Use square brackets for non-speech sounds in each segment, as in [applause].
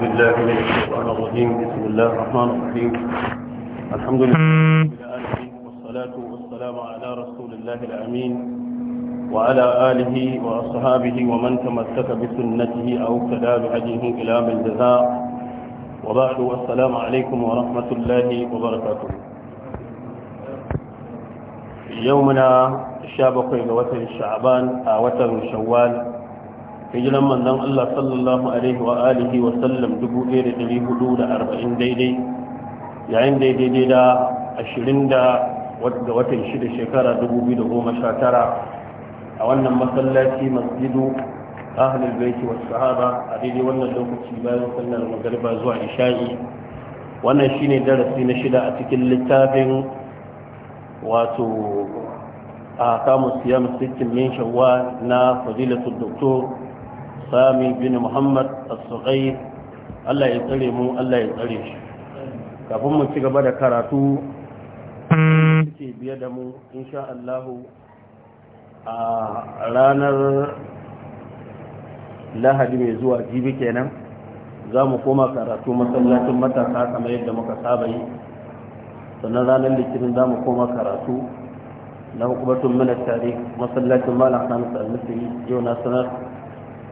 بالله من الشيطان الرجيم بسم الله الرحمن الرحيم الحمد لله والصلاة والسلام على رسول الله الأمين وعلى آله وأصحابه ومن تمسك بسنته أو اقتدى بهديه إلى من جزاء وبعد والسلام عليكم ورحمة الله وبركاته يومنا الشابق إلى وتر الشعبان أوتر آه، شوال hijiran manzon Allah sallallahu alaihi wa alihi wa sallam 1440 daidai yayin da daidai da 20 da watan shida shekara 2019 a wannan masallaci masjidu ahlul baiti wa sahaba a daidai wannan lokaci bayan sannan magariba zuwa isha'i wannan shine darasi na shida a cikin littafin wato a kamus siyam sittin min shawwal na fadilatul doktor sami bin muhammad as-sughayr Allah ya tsare mu Allah ya tsare shi kafin mu ci gaba da karatu suke biye da mu insha Allah a ranar lahadi mai zuwa jibi kenan za mu koma karatu masallacin matasa kamar yadda muka saba yi sannan ranar litinin za mu koma karatu na hukumatun mana tare masallacin malam hamsa al yau na sanar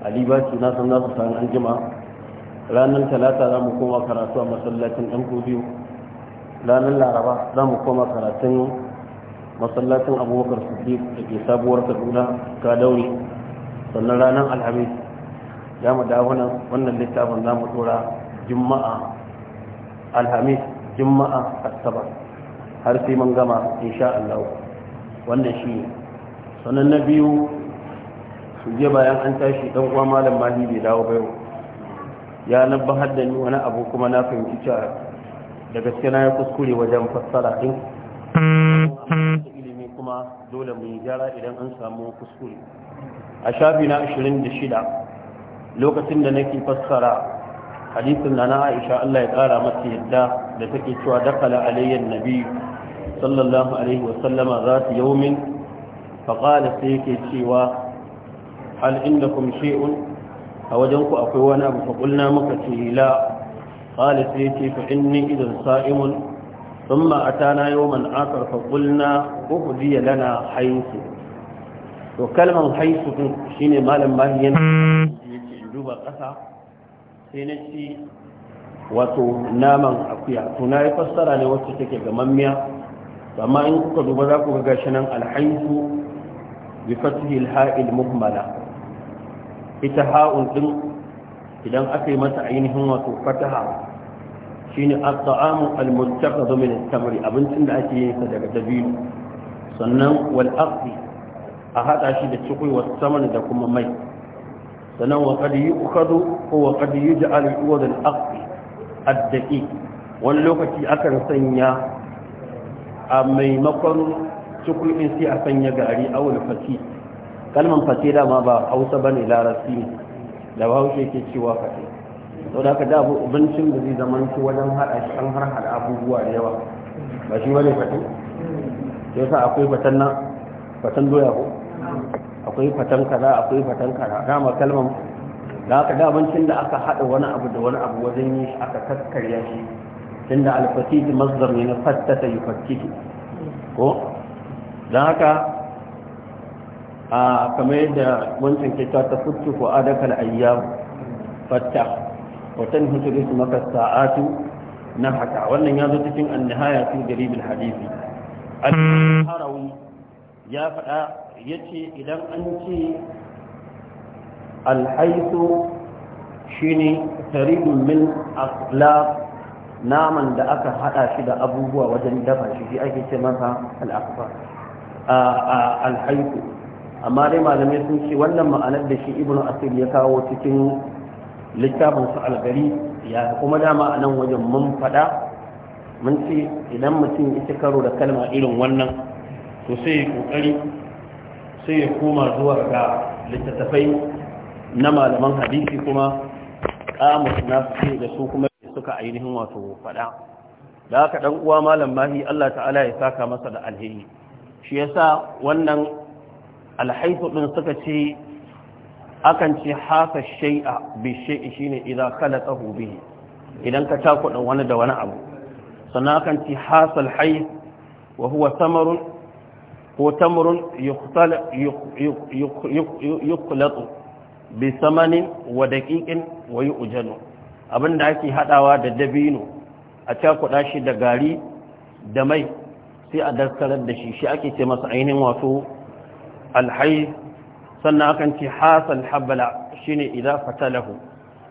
alibaci na san nasu sani an jima ranar talata za mu koma karatu a masallacin ɗan kudiyo ranar laraba za mu koma karatun masallacin abubakar siddiq da ke sabuwar kaduna kadauri. daure sannan ranar alhamis ya mu da wannan littafin za mu tura juma'a alhamis juma'a asabar har sai mun gama insha Allah wannan shi sannan na biyu je bayan an tashi dan uwa malam mahi bai dawo ba yau ya nabbahar da ni wani abu kuma na fahimci cewa da gaske na ya kuskure wajen fassara din ilimi kuma dole mu yi gyara idan an samu kuskure a shafi na 26 lokacin da nake fassara hadisin na Aisha Allah ya kara mata yadda da take cewa dakala alayyan nabi sallallahu alaihi wa sallama zati yawmin faqala sai yake cewa hal indakum shay'un a wajen ku akwai wani abu fa kulna muka ce la qala sai ce fa inni idan sa'imun thumma atana yawman akhar fa qulna uhdiya lana haythu to kalman haythu shine malam mahiyan a hmm. duba kasa sai na wato naman akuya to na fassara ne wacce take gamammiya amma in kuka duba za ku ga gashi nan alhaisu bi fathil ha'il muhmala ita ha'un ɗin idan aka yi mata ainihin wato fataha shine at-ta'amu al-muttaqadu min at-tamri abincin da ake yin sa daga dabino sannan wal a haɗa shi da cikui wa saman da kuma mai sannan wa qad yu'khadu ko wa qad yuj'alu wa al-aqdi ad-daqiq wani lokaci akan sanya a maimakon cikui din sai a sanya gari wani fasi kalman fasira ma ba hausa ba ne larasi da Bahaushe ke cewa Fati, sau da aka dabu abincin da zai zama wajen haɗa shi an har haɗa abubuwa da yawa ba shi wani Fati? Sai sa akwai fatan nan fatan doya ko akwai fatan kaza akwai fatan kaza dama kalman da aka da abincin da aka haɗa wani abu da wani abu wajen yi shi aka kaskarya shi tunda alfasiti masdar ne na fattata yufattiki ko don haka a kamar yadda wancan ke ta ta ko adakal ayyam fatta wa tanhitu ismaka sa'atu na haka wannan ya zo cikin annihaya fi garibul hadisi hmm. al-harawi ya faɗa yace idan an ce alhaisu shine taribun min aslaf naman da aka haɗa shi da abubuwa wajen dafa shi ake ce masa alakfa alhaisu amma dai malamai sun ce wannan ma'anar da shi ibnu asir ya kawo cikin littafin su algari ya kuma dama a nan wajen mun faɗa mun ce idan mutum ya karo da kalma irin wannan to sai ya kokari sai ya koma zuwa ga littattafai na malaman hadisi kuma kamus na su da su kuma suka ainihin wato faɗa da haka ɗan uwa malam mahi Allah ta'ala ya saka masa da alheri shi yasa wannan alhaifu ɗin suka ce akan ce haka shai'a bishai shi ne idan kala tsaho bihi idan ka takuɗa wani da wani abu sannan akan ce hasal haif wa huwa samarun ko tamarun yukulatu bi samanin wa daƙiƙin wa yi ujanu abinda ake haɗawa da dabino a cakuɗa shi da gari da mai sai a daskarar da shi shi ake ce masa ainihin wato alhai sannan akan ce hasan habala shine idza fatalahu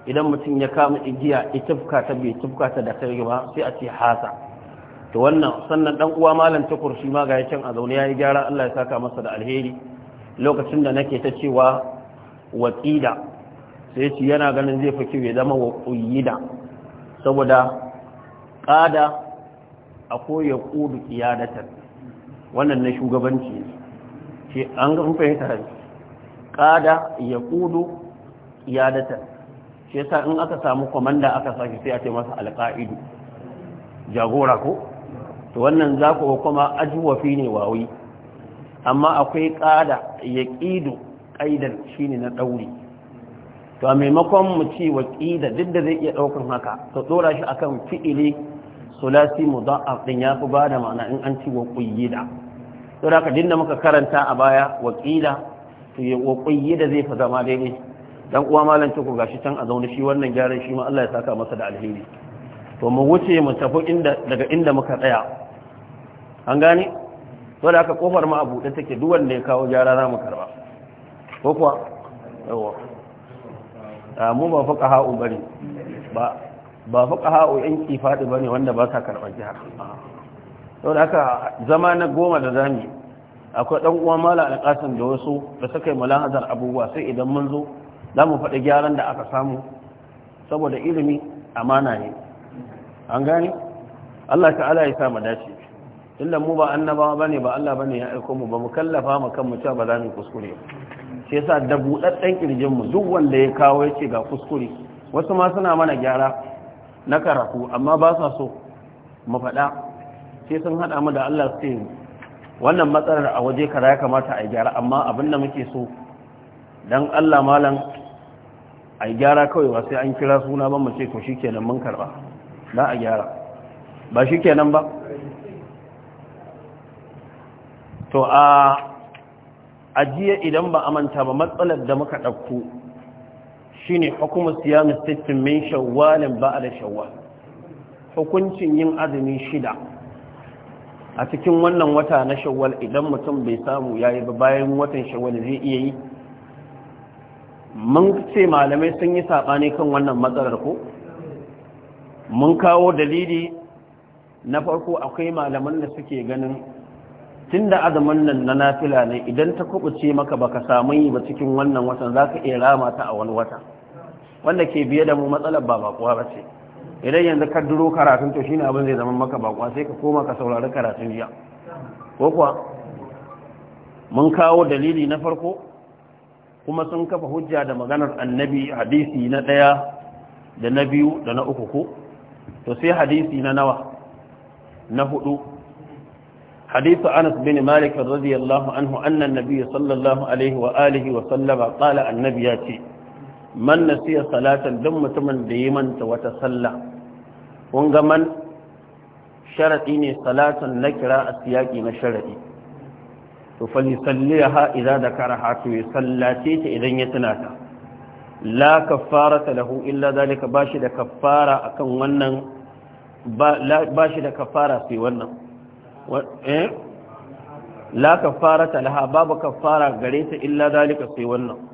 idan mutum ya kama igiya itufka ta bai tufka ta da kai ba sai a ce hasa to wannan sannan dan uwa malam ta kurshi ma ga yakin a zaune yayi gyara Allah ya saka masa da alheri lokacin da nake ta cewa waqida sai shi yana ganin zai fi ya zama waqida saboda qada akwai yaqudu qiyadatan wannan na shugabanci ne shi an ga fahimta hari ƙada ya ƙudu datar shi yasa in aka samu kwamanda aka sake sai a ce masa alƙa'idu jagora ko to wannan za ku kuma ajiwafi ne wawi amma akwai ƙada ya ƙidu ƙaidar shi ne na ɗauri to a maimakon mu ce wa ƙida duk da zai iya ɗaukar haka to ɗora shi akan fi'ili sulasi mudaf ɗin ya fi ba ma'ana in an ci wa ƙuyida don haka dinda muka karanta a baya wakila to ya kokoyi da zai fa zama daidai dan uwa malam ku gashi can a zaune shi wannan gyaran shi ma Allah ya saka masa da alheri to mu wuce mu tafi inda daga inda muka tsaya an gane da haka kofar mu a buɗe take duk wanda ya kawo gyara za mu karba ko kuwa yawa a mu ba fuka ha'u bane ba ba fuka ha'u yan kifadi bane wanda ba sa karban gyara yau da aka zama na goma da zami akwai ɗan uwa mala alƙasar da wasu da suka yi mulahazar abubuwa sai idan mun zo za mu faɗi gyaran da aka samu saboda ilimi amana ne an gane Allah ala ya samu dace tunda mu ba annabawa bane ba Allah bane ya aiko mu ba mu kallafa mu kan mu cewa ba za mu kuskure sai yasa da budaddan kirjin mu duk wanda ya kawo yace ga kuskure wasu ma suna mana gyara na karatu amma ba sa so mu faɗa sai sun haɗa mu da Allah su wannan matsalar a waje kara ya kamata a gyara amma abin da muke so don Allah malam a gyara kawai ba sai an kira suna ban mace ko shi kenan mun karba na a gyara ba shi kenan ba to a ajiye idan ba amanta ba matsalar da muka ɗauko shine hukuma siyamu sittin min shawwalin ba da shawwal hukuncin yin azumi shida a cikin wannan wata na shawwal idan mutum bai samu yayi ba bayan watan shawwal zai iya yi mun ce malamai sun yi saɓani kan wannan matsalar ko mun kawo dalili na farko akwai malaman da suke ganin Tunda azumin nan na nafila ne idan ta kubuce maka baka samu yi ba cikin wannan watan za ka iya rama ta a wani wata wanda ke biye da mu matsalar ba bakuwa ba ce idan yanzu ka duro karatun to shine abin zai zama maka bakwa sai ka koma ka saurari karatun jiya ko kuwa mun kawo dalili na farko kuma sun kafa hujja da maganar annabi hadisi na ɗaya da na biyu da na uku ko to sai hadisi na nawa na hudu حديث أنس بن مالك رضي الله عنه أن النبي صلى الله عليه وآله وسلم قال النبي man nasiya salatan duk mutumin da ya manta wata sallah kun ga man sharaɗi ne salatan na kira a siyaki na sharaɗi to fali salliha da dakaraha to ya sallace ta idan ya tuna ta la kaffarata lahu illa zalika ba shi da kaffara akan wannan bashi da kaffara sai wannan eh? La la kaffarata laha babu kaffara gare ta illa zalika sai wannan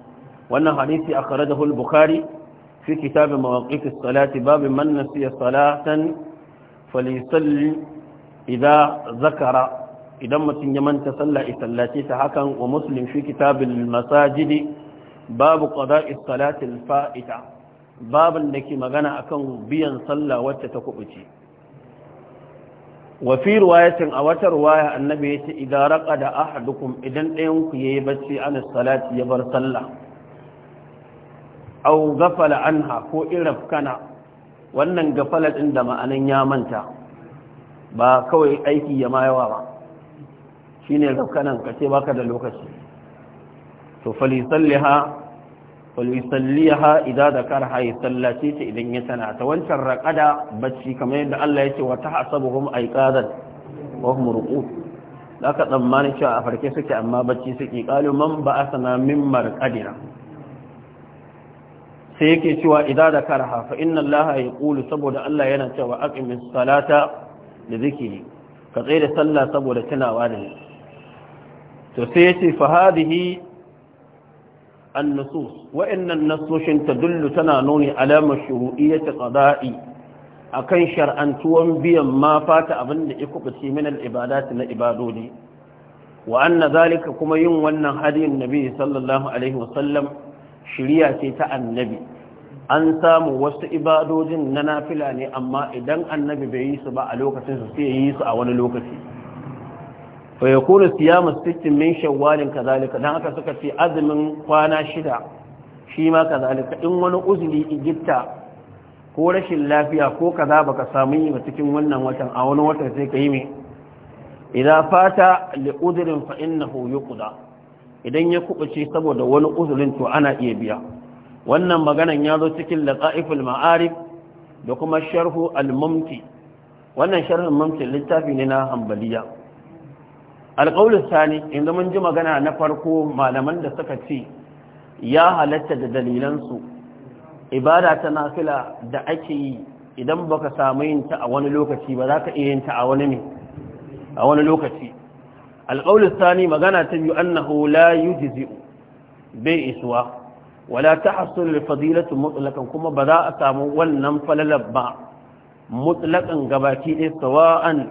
wannan hadisi akhrajahu al-bukhari fi kitabin mawaqit as-salat bab man nasiya salatan falyasalli idan zakara idan mutum ya manta sallah isallace ta hakan wa muslim fi kitab al-masajid bab qada'i faita babin da ke magana akan biyan sallah wacce ta kubuce wafi ruwayatin a wata ruwaya annabi ya ce idan raka da ahadukum idan ɗayanku ya yi bacci an salati ya bar sallah au gafala anha ko kana. wannan gafala din da ma'anan ya manta ba kawai aiki ya mayawa yawa ba shine rafkanan ka ce baka da lokaci to falisalliha falisalliha idza dakarha ya sallace ta idan ya sana ta wancan raqada bacci kamar yadda Allah ya ce wa tahsabuhum aiqadan wa hum ruqud ka tsammanin cewa a farke suke amma bacci suke qalu man ba'athana min marqadina sai yake cewa idza zakaraha fa inna allaha yaqulu saboda Allah yana cewa aqimis salata da zikiri ka tsaye da sallah saboda tunawa da ni to sai yace fa hadhihi an-nusus wa inna an-nusushin tadullu tana nuni alama shuru'iyyati qada'i akan shar'antuwan biyan ma fata abinda ya kubuce min al-ibadati na ibadodi wa anna zalika kuma yin wannan hadiyin nabi sallallahu alaihi wasallam shirya ce ta annabi an samu wasu ibadojin na nafila ne amma idan annabi bai yi su ba a lokacin su sai yi su a wani lokaci fa yakunu siyamu sittin min shawwalin kazalika dan haka suka ce azumin kwana shida shi ma kazalika in wani uzuri igitta ko rashin lafiya ko kaza baka samu yi ba cikin wannan watan a wani watan sai ka yi me idan fata li udrin fa innahu yuqda idan ya kubuce saboda wani uzurin to ana iya biya wannan maganan ya zo cikin laqa'iful ma'arif da kuma sharhu al-mumti wannan sharhin mumti littafi ne na hanbaliya alqaulus sani inda mun ji magana na farko malaman da suka ce ya halatta da dalilan su ibada ta nafila da ake yi idan baka samu yin ta a wani lokaci ba za ka iya yin ta a a wani lokaci alƙaunin sani magana ta biyu annahu la yujzi bai isuwa wala da fadilatu mutlaqan kuma ba za a samu wannan falalar ba mutlaqan gabaki ɗaya sawa'an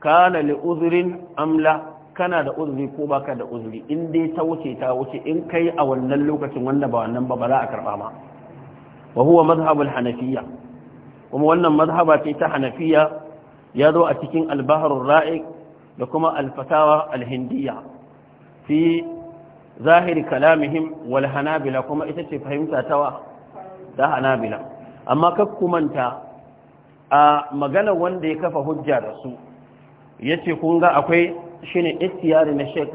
kana li uzrin amla kana da uzuri ko baka da uzuri in dai ta wuce ta wuce in kai a wannan lokacin wanda ba wannan ba ba za a karba ma wa huwa madhhabul hanafiyya kuma wannan mazhaba ce ta hanafiya ya zo a cikin al-bahr da kuma alfatawa alhindiya fi zahiri kalamihim wal hanabila kuma ita ce fahimta ta da hanabila amma kakkumanta a magana wanda ya kafa hujja da su ya ce kunga akwai shi ne ikhtiyari na sheik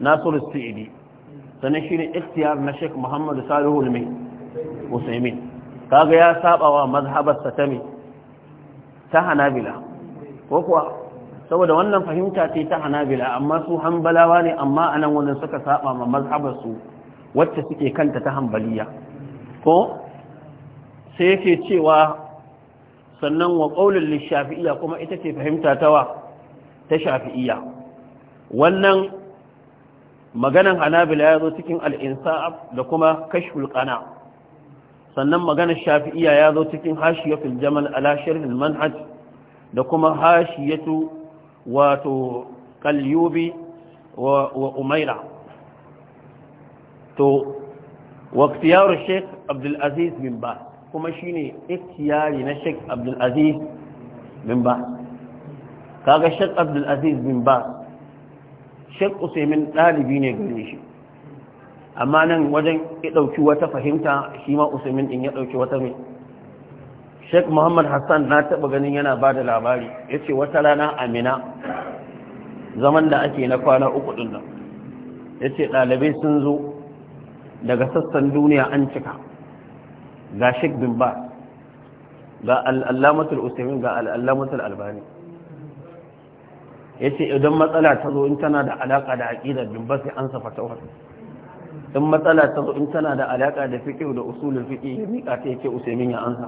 nasiru su'idi sannan shi ne ikhtiyari na sheik muhammadu salihu ulmi usaimin kaga ya saba wa mazhabarsa ta ta hanabila ko kuwa saboda wannan fahimta ce ta hanabila amma su hanbalawa ne amma a nan wannan suka saba ma mazhabarsu wacce suke kanta ta hanbaliya ko sai yake cewa sannan wa qaulul lishafi'iyya kuma ita ce fahimta ta wa ta wannan maganan hanabila ya zo cikin al-insaf da kuma kashful qana sannan maganar shafi'iya ya zo cikin hashiyar jamal ala sharh manhaj da kuma hashiyatu wato kalyubi wa umaira to waktiyar sheik abdulaziz bin ba kuma shine ikhtiyari na sheik abdulaziz bin ba kaga sheik abdulaziz bin ba sheik usaimin ɗalibi ne gare shi amma nan wajen ya ɗauki wata fahimta shi ma usaimin ɗin ya ɗauki wata mai sheik muhammad hassan na taɓa ganin yana ba da labari ya ce wata rana amina zaman da ake na kwana uku ɗin nan ya ce ɗalibai sun zo daga sassan duniya an cika ga sheik bin ba ga al'allamatul usaimin ga al'allamatul albani ya ce idan matsala ta zo in tana da alaƙa da aƙidar bin ba sai an safa tawar in matsala ta zo in tana da alaƙa da fiƙe da usulun fiƙe ya miƙa ta yake usaimin ya ansa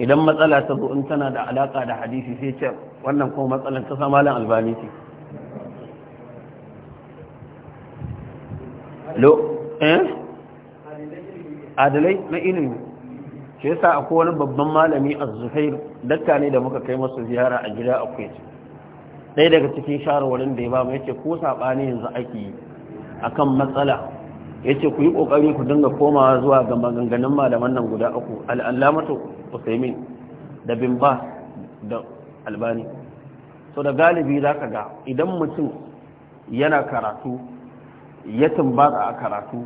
idan matsala ta zo in tana da alaka da hadisi sai ce wannan kuma matsalan ta samalin albani ce lo eh adalai na ilimi shi yasa akwai wani babban malami a zuhair dakka ne da muka kai masu ziyara a gida akwai ce ɗaya daga cikin shawarwarin da ya ba mu yake ko saɓani yanzu ake yi akan matsala ya ce ku yi ƙoƙari ku dinga komawa zuwa ga maganganun malaman nan guda uku al'allamatu usaimin da bimba da albani so da galibi za ka ga idan mutum yana karatu ya tumbata a karatu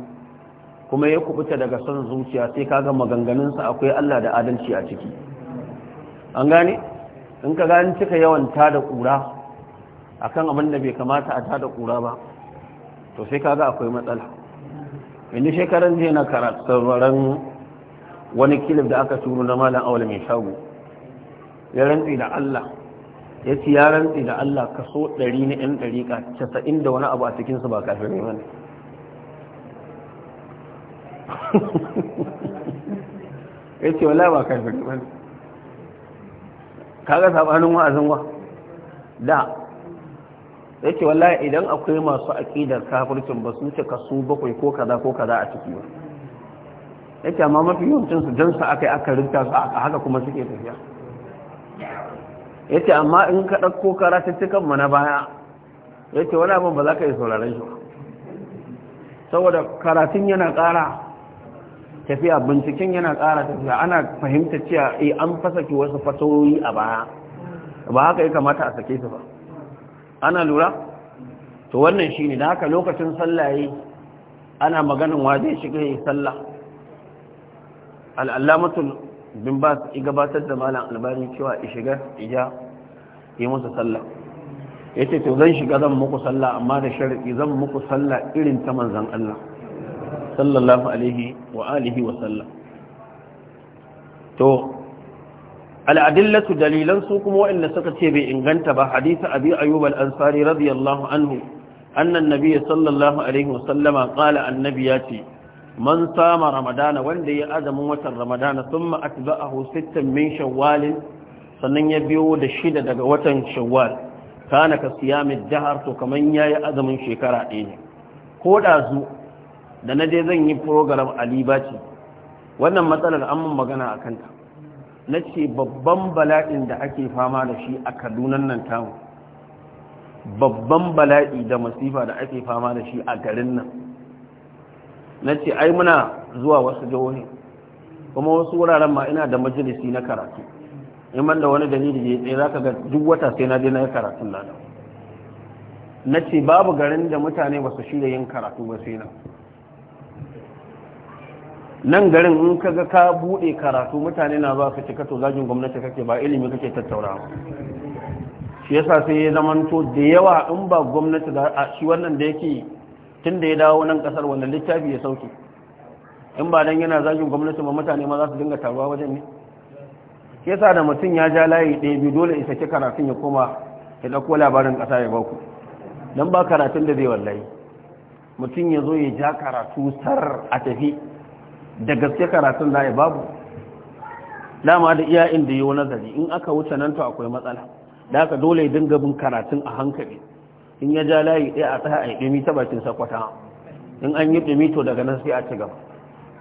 kuma ya kubuta daga son zuciya sai kaga maganganunsa akwai allah da adalci a ciki an gane in ka gani cika yawan tada ƙura a kan abin da bai kamata a tada ƙura ba to sai kaga akwai matsala inda shekaran jiya na karatu wani kilif da aka turo na malam awal mai shago ya rantsi da Allah ya ci ya rantsi da Allah kaso ɗari na ‘yan ɗariƙa casa'in da wani abu a cikinsu ba kafin neman [laughs] ya ce wala ba kafin ne. neman kaga sabanin wa'azin wa da yake wallahi idan akwai masu aƙidar kafircin ba su cika su bakwai ko kaza ko kaza a ciki ba yake amma mafi yawancin su jan sa akai aka rinta su a haka kuma suke tafiya yake amma in ka ɗauko karatuttukan mu na baya yake wani abin ba za ka yi sauraron shi saboda karatun yana ƙara tafiya binciken yana ƙara tafiya ana fahimta cewa eh an ki wasu fasoyi a baya ba haka ya kamata a sake su ba ana lura to wannan shi ne da haka lokacin sallaye ana maganin waje zai shiga yi sallah al'allamatul bin ba su gabatar da malam albani cewa shiga ija yi musu sallah ya ce to zan shiga zan muku sallah amma da shari'i zan muku sallah irin ta manzan Allah sallallahu alaihi wa alihi wa sallah to al'adillatu dalilan su kuma waɗanda suka ce bai inganta ba hadisa abi ayyub al-ansari radiyallahu anhu annan nabi sallallahu alaihi wasallama qala annabi ya ce man sama ramadana wanda ya azumin watan ramadana sun thumma atba'ahu sittan min shawwalin sannan ya biyo da shida daga watan shawwal kana ka siyamid jihar to ya yayi azumin shekara ɗaya ko da zu da na je zan yi program ali ce wannan matsalar an magana a kanta na ce babban bala'in da ake fama da shi a kadunan nan tamu babban bala'i da masifa da ake fama da shi a garin nan na ce ai muna zuwa wasu jihohi kuma wasu wuraren ma ina da majalisi na karatu iman da wani dalili da ya za ka ga duk wata sai na je na karatun lada na ce babu garin da mutane ba su shirya yin karatu ba sai na nan garin in ka ga ka bude karatu mutane na za ka cika to zagin gwamnati kake ba ilimi kake tattaurawa shi yasa sai ya to da yawa in ba gwamnati da shi wannan da yake tun da ya dawo nan kasar wannan littafi ya sauke in ba dan yana zagin gwamnati ba mutane ma za su dinga taruwa wajen ne shi yasa da mutum ya ja layi ɗaya biyu dole isa ki karatun ya koma ya ɗauko labarin ƙasa ya baku dan ba karatun da zai wallahi mutum ya zo ya ja karatu sar a tafi da gaske karatun da a babu dama da iya inda yi wani nazari in aka wuce nan to akwai matsala da aka dole yi dinga bin karatun a hankali in ya ja layi ɗaya a tsaha a yi ɗumi ta bakin sakwata in an yi ɗumi to daga nan sai a ci gaba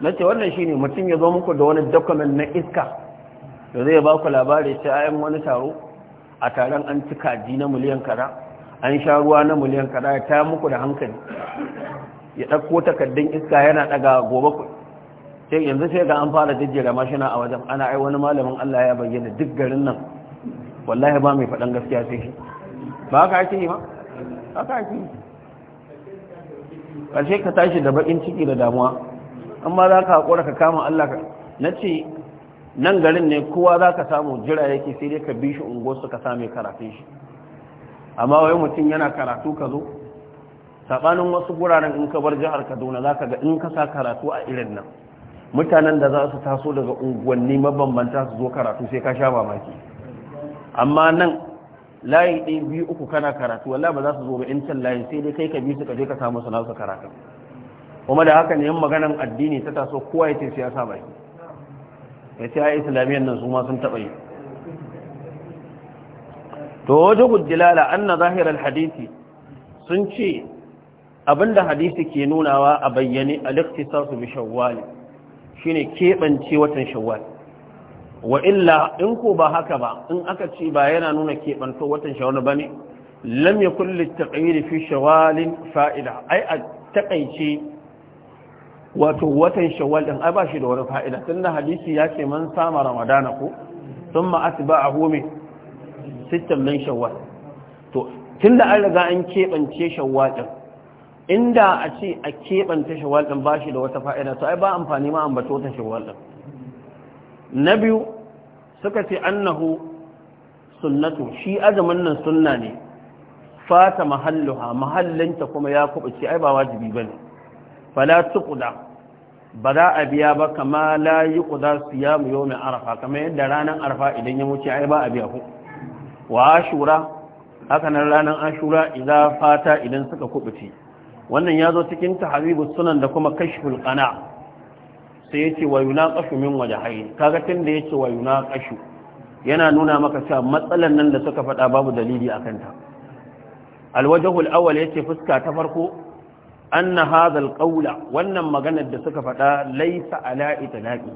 na ce wannan shi ne mutum ya zo muku da wani dokumen na iska da zai ba ku labari ce a yan wani taro a taron an ci kaji na miliyan kara an sha ruwa na miliyan kara ya taya muku da hankali ya ɗauko takardun iska yana ɗaga gobe ku sai yanzu sai ga an fara jijjira mashina a wajen ana ai wani malamin Allah ya bayyana duk garin nan wallahi ba mai faɗan gaskiya sai shi ba haka ake yi ba haka ake yi ƙarshe ka tashi da bakin ciki da damuwa amma za ka haƙura ka kama Allah ka na ce nan garin ne kowa za ka samu jira yake sai dai ka bi shi ungo su ka same karatun shi amma wai mutum yana karatu ka zo saɓanin wasu guraren in ka bar jihar kaduna za ka ga in ka sa karatu a irin nan mutanen da za su taso daga unguwanni mabambanta su zo karatu sai ka sha mamaki amma nan layi ɗin biyu uku kana karatu wala ba za su zo ba in can layi sai dai kai ka bi su ka je ka samu su nasu karatu kuma da haka ne yin maganan addini ta taso kowa ya ce siyasa baki ya ce ai islamiyyar nan su ma sun taɓa yi to wajen gujjilala an na zahirar hadisi sun ce abinda hadisi ke nunawa a bayyane a liktisar su bi shawwali ne keɓance watan shawwal wa illa in ko ba haka ba in aka ce ba yana nuna keɓanto watan shawwal ba ne lam yakul litaqyir fi shawalin fa'ida ai a taƙaice wato watan shawwal ɗin ai ba shi da wani fa'ida tun tunda hadisi ya ce man sama ramadana ko ma thumma a min sittan min shawwal to tunda an riga an keɓance shawwal ɗin. inda a ce a keɓanta shawwal ɗin ba shi da wata fa'ida to ai ba amfani ma ambato ta shawwal ɗin na biyu suka ce annahu sunnatu shi azumin nan sunna ne fata mahalluha mahallinta kuma ya kubuce ai ba wajibi bane fala tuƙuda. ba za a biya ba kama la yuqda siyam mai arafa Kama yadda ranar arafa idan ya wuce ai ba a biya ku. wa ashura haka nan ranar ashura idan fata idan suka kubuce wannan ya zo cikin Habibu sunan da kuma kashful qana sai ce wa yunaqashu min wajhayn kaga tunda yace wa kashu yana nuna maka cewa matsalan nan da suka faɗa babu dalili a kanta. alwajhul awwal yace fuska ta farko anna hadha alqawla wannan maganar da suka faɗa laysa ala itlaqi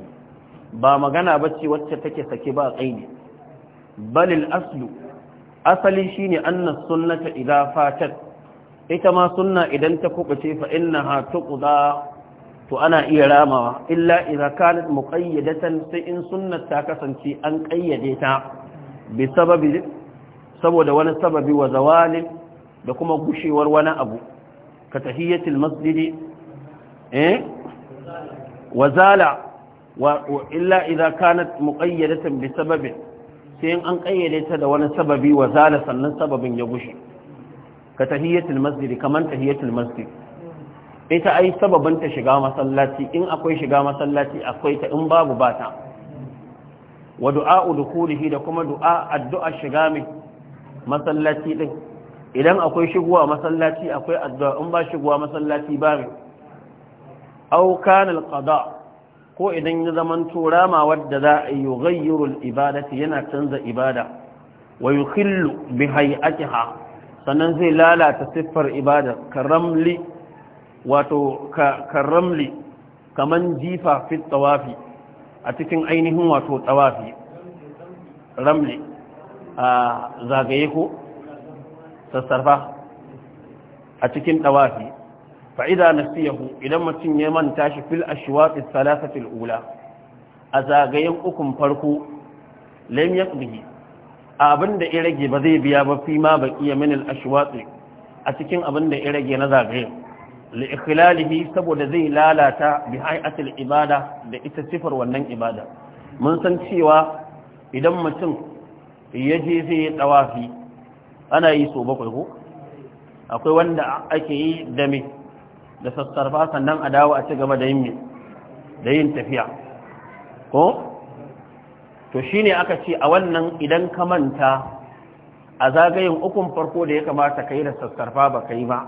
ba magana bace wacce take sake ba kaidi Balil aslu asali shine anna sunnata idza fatat ita ma sunna idan ta kubuce fa innaha tuqda to ana iya ramawa illa idza kanat muqayyadatan sai in sunnat ta kasance an kayyade ta bi sababi saboda wani sababi wa zawalin da kuma gushewar wani abu ka tahiyatul masjidi eh wazala wa illa idza kanat muqayyadatan bi sababi sai an kayyade ta da wani sababi wazala sannan sababin ya gushe ka tahiyatul masjid kaman tahiyatul masjid ita ai sababan ta shiga masallaci in akwai shiga masallaci akwai ta in babu bata wa du'a'u dukhulihi da kuma du'a addu'a shiga mai masallaci din idan akwai shigowa masallaci akwai addu'a in ba shigowa masallaci ba mai aw kana al-qada ko idan ya zaman turama wadda za a yi yughayyiru al-ibadati yana canza ibada wa yukhillu bi hay'atiha sannan zai lalata siffar ibada karamli wato karamli kaman jifa fit tawafi a cikin ainihin wato tawafi ramli a zagaye ko sassarfa a cikin tawafi fa'ida na nasiyahu idan mutum ya manta shi fil ashwaɗi salasatil ula a zagayen ukun farko lam yaqdihi abin da ya rage ba zai biya ba fi ma baki ya minil ashwatsi a cikin abin da ya rage na zagaye li saboda zai lalata bi ibada da ita sifar wannan ibada mun san cewa idan mutum ya je zai yi tawafi ana yi so bakwai ko akwai wanda ake yi da me da sassarfa sannan a dawo a ci gaba da yin da yin tafiya ko to shine aka ce a wannan idan ka manta a zagayen ukun farko da ya kamata ka yi da sassarfa ba ka yi ba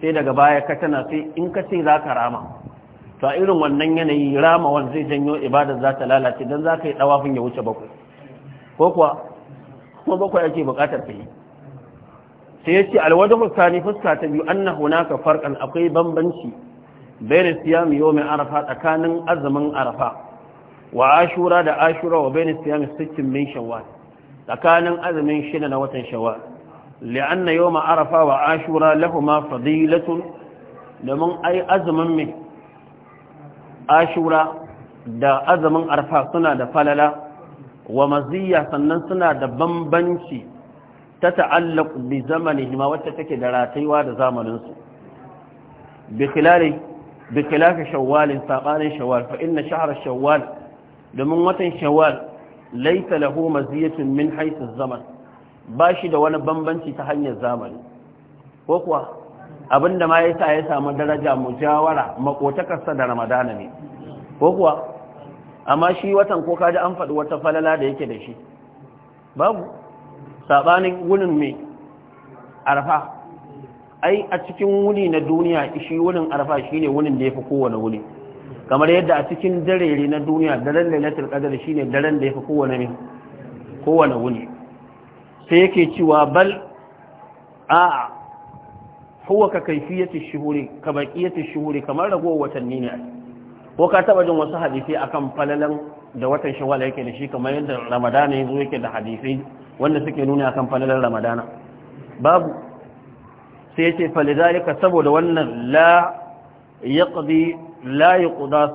sai daga baya ka tana sai in ka ce za ka rama to a irin wannan yanayi rama wanda zai janyo ibadar za ta lalace don za ka yi ɗawafin ya wuce bakwai ko kuwa kuma bakwai ake buƙatar ka sai ya ce alwajen fuskani fuska ta biyu an na hunaka farkan akwai bambanci bayan siyami yau mai arafa tsakanin azumin arafa wa ashura da ashura wa bayna siyam sittin min shawwal tsakanin azumin shida na watan shawwal li'anna yawma arafa wa ashura lahumma fadilatun domin ai azumin mai ashura da azumin arfa suna da falala wa maziyya sannan suna da bambanci ta ta'allaq bi zamanihima wacce take da ratayuwa da zamaninsu bi khilali bi khilafi shawwal sabanin shawwal fa inna shahra shawwal domin watan shawar laita lahu maziyatun min haythu zaman ba shi da wani bambanci ta hanyar zamani ko kuwa abinda ma ya sa ya samu daraja mujawara makotakarsa da ramadana ne ko kuwa amma shi watan ko kaji an faɗi wata falala da yake da shi babu saɓanin wunin me arfa ai a cikin wuni na duniya shi wunin arfa shi ne wunin da ya fi kowane wuni kamar yadda a cikin darere na duniya daren da kadar shi shine daren da ya fi kowane wuni sai yake cewa bal a huwa ka fiye shuhuri ka yata shuhuri kamar rago watanni ne ko ka taba jin wasu hadisi akan falalan da watan shawala yake da shi kamar yadda ramadana yazo yake da hadisi wanda suke nuna akan falalan ramadana babu sai yace ka saboda wannan la yaqdi la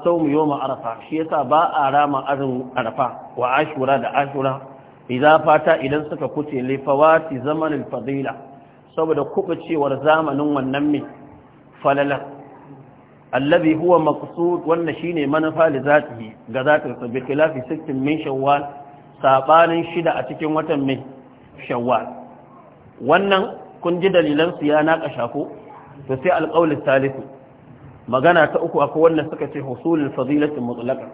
sau mu yawm arafa shi yasa ba a rama arin arafa wa ashura da ashura idan fata idan suka kuce li fawati zamanin fadila saboda cewar zamanin wannan mai falala allabi huwa maqsud wannan shine manufa li zatihi ga zatin sa bi khilafi sittin min shawwal sabanin shida a cikin watan mai shawwal wannan kun ji dalilan ya naka shafo to sai alqaul salisu magana ta uku akwai wanda suka ce husulul fadilatin mutlaqa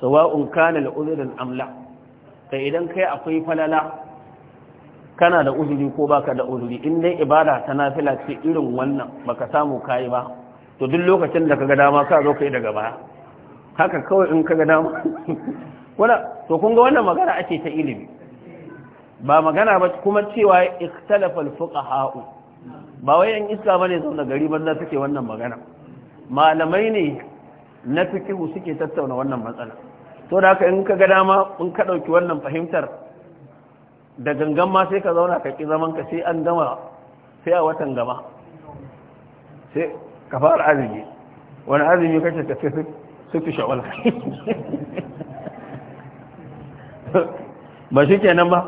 sawa'un kana la am amla. kai idan kai akwai falala kana da uzuri ko baka da uzuri in dai ibada ta nafila ce irin wannan baka samu kai ba to duk lokacin da kaga dama ka zo kai daga baya haka kawai in kaga dama [laughs] wala to kun ga wannan magana ake ta ilimi ba magana ba kuma cewa ikhtalafa al-fuqaha ba wai yan iska bane zauna gari banza take wannan magana malamai ne na fikihu suke tattauna wannan matsala to da haka in ka ga dama in ka ɗauki wannan fahimtar da gangan ma sai ka zauna ka ƙi zaman ka sai an gama sai a watan gaba sai ka fara azumi wani azumi kace ka fi su fi shawala [laughs] ba shi kenan ba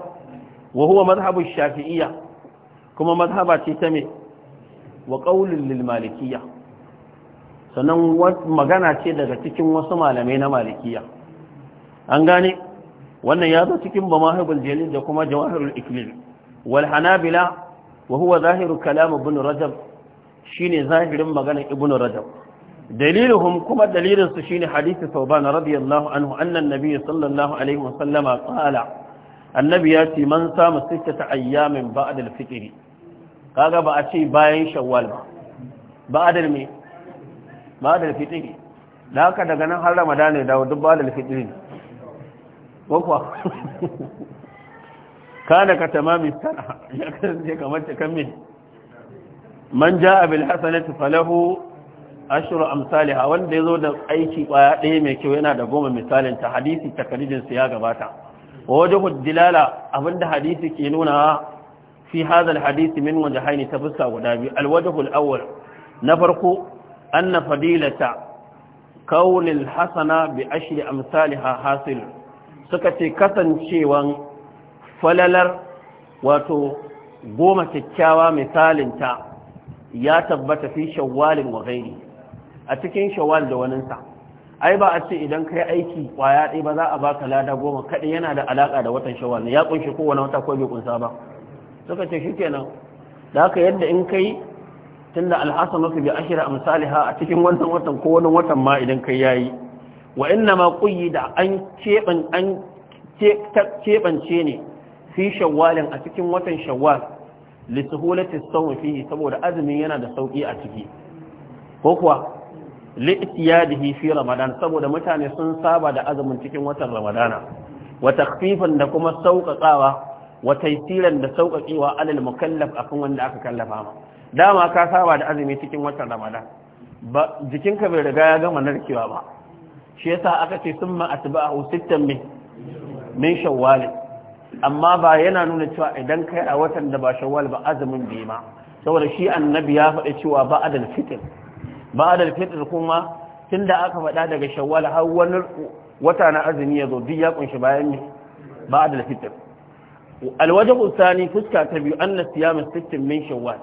wa huwa mazhabu shafi'iyya kuma mazhaba ce ta me wa qaulin lil malikiyya sannan magana ce daga cikin wasu malamai na malikiya an gane wannan ya zo cikin bamahibul jalil da kuma jawahirul iklil wal hanabila wa huwa zahiru kalam ibn rajab shine zahirin magana ibn rajab daliluhum kuma dalilin su shine hadisi sauban radiyallahu anhu annan nabiy sallallahu alaihi wa wasallam qala annabi ya ce man sama sittata ayyamin ba'da al-fitr kaga ba a ce bayan shawwal ba ba'da me ba da fitiri da haka daga nan har ramadana ya dawo duk ba da fitiri kuwa kana ka tamami sana ya kasance kamar ta kamme man ja abil hasanatu falahu ashru amsalha wanda yazo da aiki kwaya ɗaya mai kyau yana da goma misalin ta hadisi takaridin su ya gabata wajhu dilala abinda hadisi ke nuna fi hadha hadisi min wajhaini ta guda biyu al alawwal awwal na farko anna fadilata kaunil hasana bi ashri amsalha hasil suka ce kasancewan falalar wato goma kyakkyawa misalin ta, ya tabbata fi shawalin wa a cikin shawal da waninsa ai ba a ce idan kai aiki kwaya ɗaya ba za a baka lada goma kaɗai yana da alaƙa da watan shawwal ya kunshi kowane wata ko bai kunsa ba suka ce shikenan da haka yadda in kai tunda Alhassan wasu bi ashira amsaliha a cikin wannan watan ko wani watan ma idan kai yayi wa inna ma da an keban an kebance ne fi shawwalin a cikin watan shawwal li suhulati sawm fihi saboda azumin yana da sauki a ciki ko kuwa li itiyadihi fi ramadan saboda mutane sun saba da azumin cikin watan ramadana wa takhfifan da kuma sauƙaƙawa wa taysiran da sauƙaƙewa alal mukallaf akan wanda aka kallafa ma dama ka saba da azumi cikin watan ramadan ba jikinka bai riga ya gama narkewa ba shi yasa aka ce summa atba'ahu sittan min min shawwal amma ba yana nuna cewa idan kai a watan da ba shawwal ba azumin bai ma saboda shi annabi ya faɗi cewa ba adal fitr ba adal fitr kuma tunda aka faɗa daga shawwal har wani wata na azumi ya zo duk ya kunshi bayan ne ba adal fitr alwajhu thani fuska ta biyu anna siyam sittin min shawwal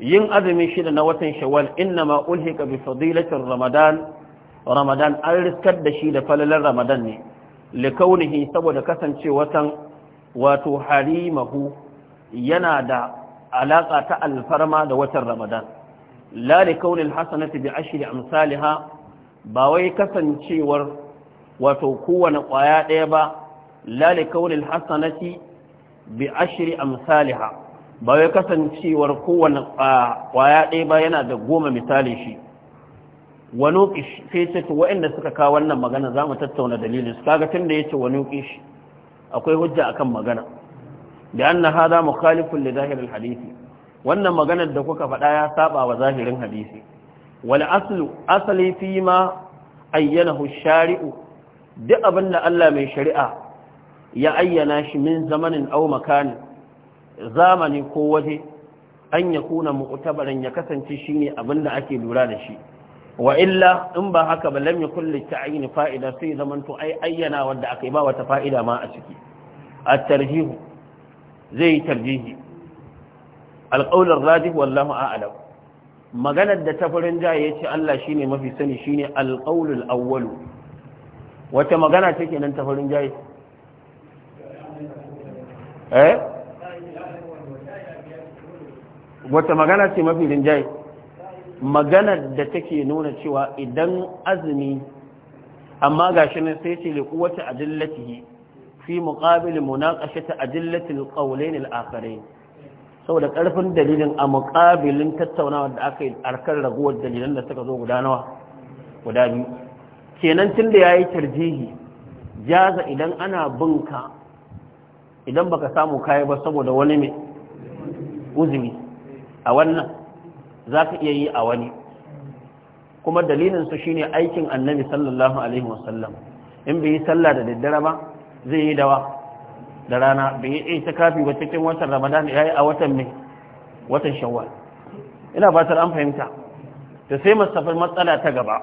yin azumin shida na watan shawwal innama ulhika bi fadilatir ramadan ramadan an riskar da shi da falalar ramadan ne likaunihi saboda kasance watan wato harimahu yana da alaƙa ta alfarma da watan ramadan la likaunil hasanati bi ashri amsalha ba wai kasancewar wato kowane kwaya ɗaya ba la likaunil hasanati bi ashiri amsalha ba wai kasancewar kowane kwaya ɗaya ba yana da goma misali shi wani ƙish sai ce ta waɗanda suka kawo wannan magana za mu tattauna dalilin su kaga tun da ya ce wani ƙish akwai hujja akan magana da an na hada mukhalifun da zahirin hadisi wannan maganar da kuka faɗa ya saba wa zahirin hadisi wal asali fi ma ayyana shari'u duk abin da Allah mai shari'a ya ayyana shi min zamanin au makanin zamani ko waje an ya kuna mu'tabaran ya kasance shine abin da ake lura da shi wa illa in ba haka ba lam kulle li ta'yin fa'ida sai zaman to ai ayyana wanda aka yi ba wata fa'ida ma a ciki at-tarjih zai tarjihi al-qawl ar-rajih wallahu a'lam maganar da tafarin ya yace Allah shine mafi sani shine al-qawl al-awwal wata magana take nan tafarin jaye eh wata magana ce mafi rinjaye maganar da take nuna cewa idan azumi amma ga shi ne sai ce wata adillatihi fi muqabil munaqashat adillatil alqawlain alakhirin saboda ƙarfin dalilin a muqabilin tattaunawa da aka yi arkan raguwar dalilan da suka zo guda nawa guda biyu kenan tunda yayi tarjihi jaza idan ana binka idan baka samu kai ba saboda wani me uzumi a wannan za ka iya yi a wani kuma dalilinsu shi ne aikin annabi sallallahu alaihi wasallam in bai yi sallah da daddare ba zai yi dawa da rana bai yi ita kafi ba cikin watan ramadan ya yi a watan mai watan shawwal ina fatar an fahimta da sai masafin matsala ta gaba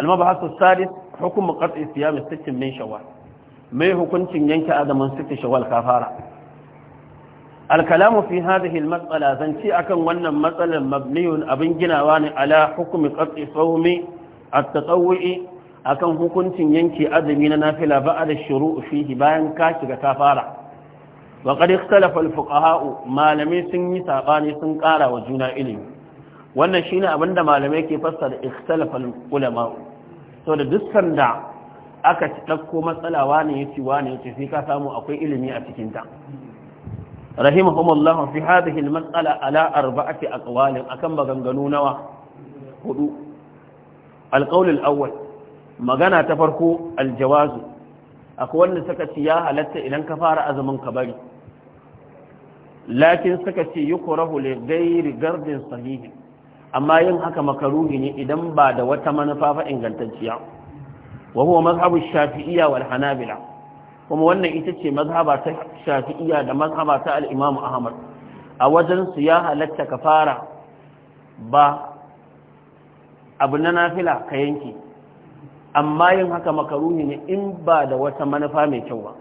almabahasu sadis hukumu siya mai sittin min shawar. mai hukuncin yanke azumin sittin shawwal kafara alkalamu fi hadhihi al-mas'ala zanci akan wannan matsalar mabniyun abin ginawa ne ala hukmi qat'i sawmi at-tatawwu'i akan hukuncin yanki azumi na nafila ba'da shuru'i fihi bayan ka shiga ta fara wa qad ikhtalafa al-fuqaha'u sun yi sabani sun kara wa juna ilimi wannan shine abinda malamai ke fassara ikhtalafa al-ulama da dukkan da aka ci dauko matsala wani yace wani yace sai ka samu akwai ilimi a cikin ta rahimahumullahu fi hadhihi al-mas'ala ala arba'ati aqwalin akan maganganu nawa hudu al-qawl al-awwal magana ta farko al-jawaz akwai wanda suka ce ya halatta idan ka fara azumin ka bari lakin suka ce yukrahu li ghairi gardin sahih amma yin haka makaruhi ne idan ba da wata manufa fa ingantacciya wa huwa mazhabu shafi'iyya wal hanabila kuma wannan ita ce mazhaba ta shafi'iyya da mazhaba ta alimam Ahmad a wajen su ya halatta ka fara ba abu na nafila ka yanke amma yin haka makaruni ne in ba da wata manufa mai kyau ba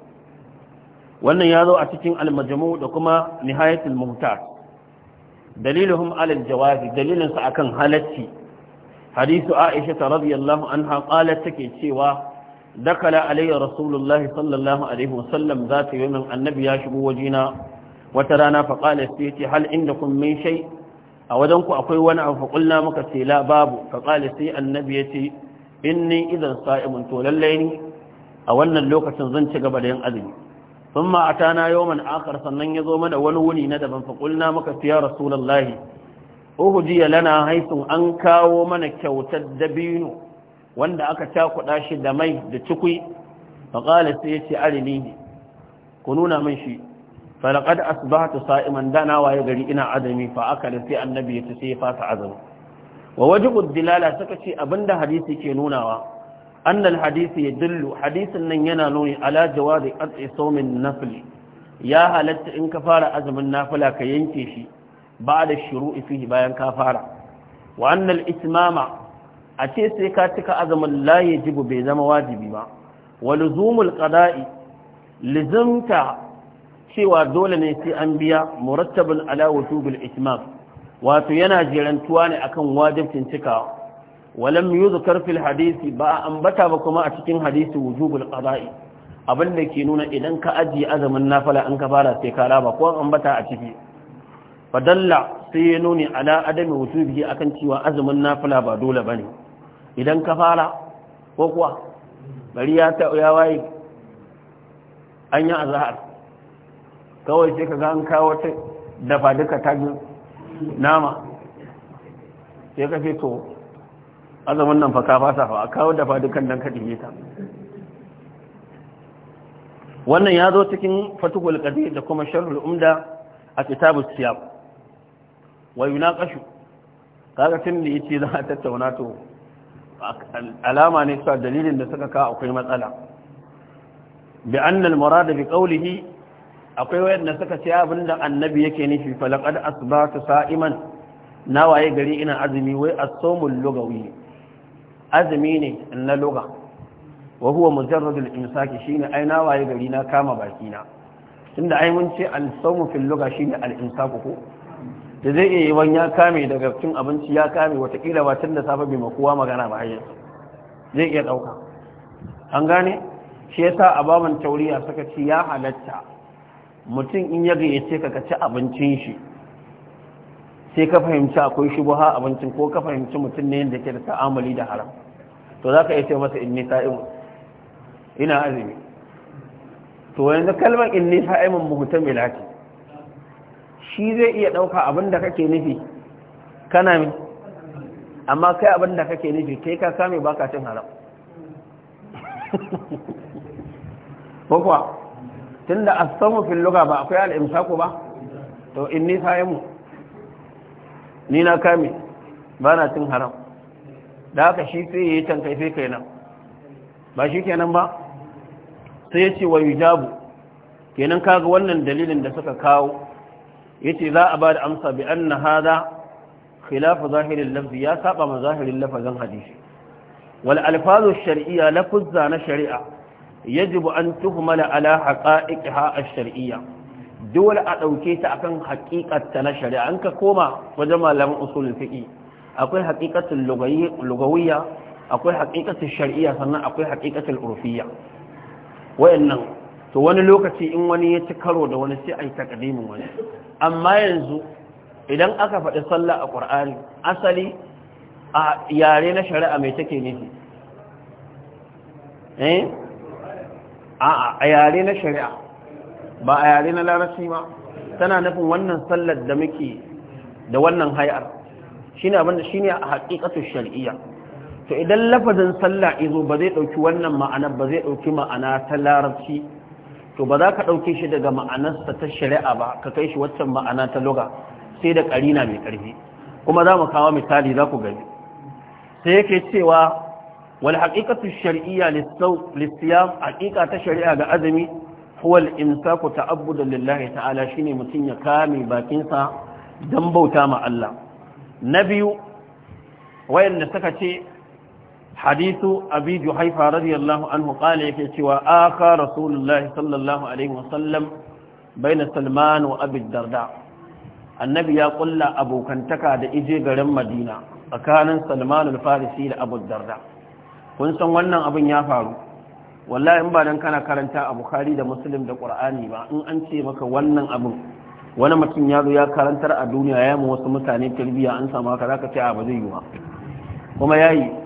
wannan ya zo a cikin al da kuma nihayatul muhtar daliluhum alal jawazi dalilin su akan halatti hadisu aisha radiyallahu anha qalat take cewa دخل علي رسول الله صلى الله عليه وسلم ذات يوم النبي يشبو وجينا وترانا فقال سيتي هل عندكم من شيء أودنك أقوي وانا فقلنا مكتي لا باب فقال سي النبي يتي إني إذا صائم طول الليل أولنا اللوكة زنت قبل ينأذن ثم أتانا يوما آخر صنن يزومنا ونوني ندبا فقلنا مكتي يا رسول الله أهدي لنا حيث أنكا ومن كوتد دبينه wanda aka takuɗa shi da mai da cikui faƙala sai ya ce arini ku nuna min shi falaƙad asbahatu sa'iman dana waye gari ina azumi fa aka da sai annabi ya ta sai ya fasa azumi wa waje dilala suka ce abinda hadisi ke nunawa annal hadisi ya yadullu hadisin nan yana nuni ala jawazi qat'i sawmin nafli ya halatta in ka fara azumin nafila ka yanke shi ba da shiru fihi bayan ka fara wa annal itmama a ce sai ka cika azumin la yajibu bai zama wajibi ba wani zumul qada'i lizinta cewa dole ne sai an biya murattabul ala wujubil itmam wato yana jirantuwa ne akan wajibcin cikawa walam yuzkar fil hadisi ba ambata ba kuma a cikin hadisi wujubul qada'i abin da ke nuna idan ka ajiye azumin nafala an ka fara sai ka raba ko ambata a ciki fadalla sai ya nuni ala adami wujubi akan cewa azumin nafala ba dole bane idan ka fara ko kuwa bari ya ya waye an yi azahar kawai sai ka ga an kawo ta dafa duka tagin nama sai ka to azamin nan fa ka fasa fa a kawo dafa dukan nan ka dinge ta wannan ya zo cikin fatukul qadir da kuma sharhul umda a kitabu siyab wa yunaqashu kaga tun da yace za a tattauna to alama ne cewa dalilin da suka ka akwai matsala bi annal murada bi qawlihi akwai wayanda suka ce abinda annabi yake nufi falaqad asbata sa'iman nawaye gari ina azumi wai as-sawmul lugawi azumi ne na luga wa huwa mujarrad al-imsaki shine ai nawaye gari na kama baki na tunda ai mun ce al-sawmu fil luga shine al-imsaku ko da zai iya yi wani ya kame daga cin abinci ya kame watakila ba tun da safe bai ma magana ba hanyar zai iya ɗauka an gane shi sa a baban tauriya suka ci ya halatta mutum in ya gaya ce ka ci abincin shi sai ka fahimci akwai shi buha abincin ko ka fahimci mutum ne yadda ke da ta'amali da haram to za ka iya ce masa in nisa imun ina azumi to yanzu kalmar inni sa'imun muhtamila ce shi zai iya ɗauka abin da kake nufi kana mi amma kai abin da kake nufi kai ka kame baka cin haram [laughs] ko tun da asamu fil lugha ba akwai al'imsa ku ba to in yi mu ni na kame ba na cin haram da haka shi sai yi yayi kai kenan ba shi kenan ba sai ya ce wa jabu kenan kaga wannan dalilin da suka kawo yace za a ba da amsa bi anna hada khilaf zahirin lafzi ya saba ma zahirin lafazin hadisi wal alfazu shar'iyya lafuzza na shari'a yajibu an tuhmala ala haqa'iqiha ash-shar'iyya dole a dauke ta akan haqiqatta na shari'a an ka koma wajen malaman usulul fiqi akwai haqiqatul lugawiyya akwai haqiqatul shar'iyya sannan akwai haqiqatul urfiyya wayannan to wani lokaci in wani ya ci karo da wani sai a yi takadimin wani amma yanzu idan aka faɗi sallah a ƙwar'ani asali a yare na shari'a mai take nufi eh? a yare na shari'a ba a yare na larasi ba tana nufin wannan sallar da muke da wannan hayar Shi ne a haƙiƙatu shar'iyya to idan lafazin sallah izo ba zai ɗauki wannan ma'ana ba zai ɗauki ma'ana ta larabci to ba za ka ɗauke shi daga ma'anarsa ta shari'a ba ka kai shi waccan ma'ana ta loga sai da ƙarina mai ƙarfi kuma za mu kawo misali za ku gani sai yake cewa wal haqiqatu shari'a lis haƙiƙa ta shari'a ga azumi huwa al-imsaku da lillahi ta'ala shine mutum ya kame bakinsa dan bauta ma Allah na biyu wayanda suka ce hadisu abi juhaifa radiyallahu anhu qala yake cewa aka rasulullahi sallallahu alaihi wasallam baina salman wa abi darda annabi ya kulla abokantaka da ije garin madina tsakanin salman al-farisi da abu darda kun san wannan abin ya faru wallahi in ba dan kana karanta a bukhari da muslim da qur'ani ba in an ce maka wannan abin wani mutum ya zo ya karantar a duniya ya mu wasu mutane tarbiyya an samu haka zaka ce a ba zai yi ba kuma yayi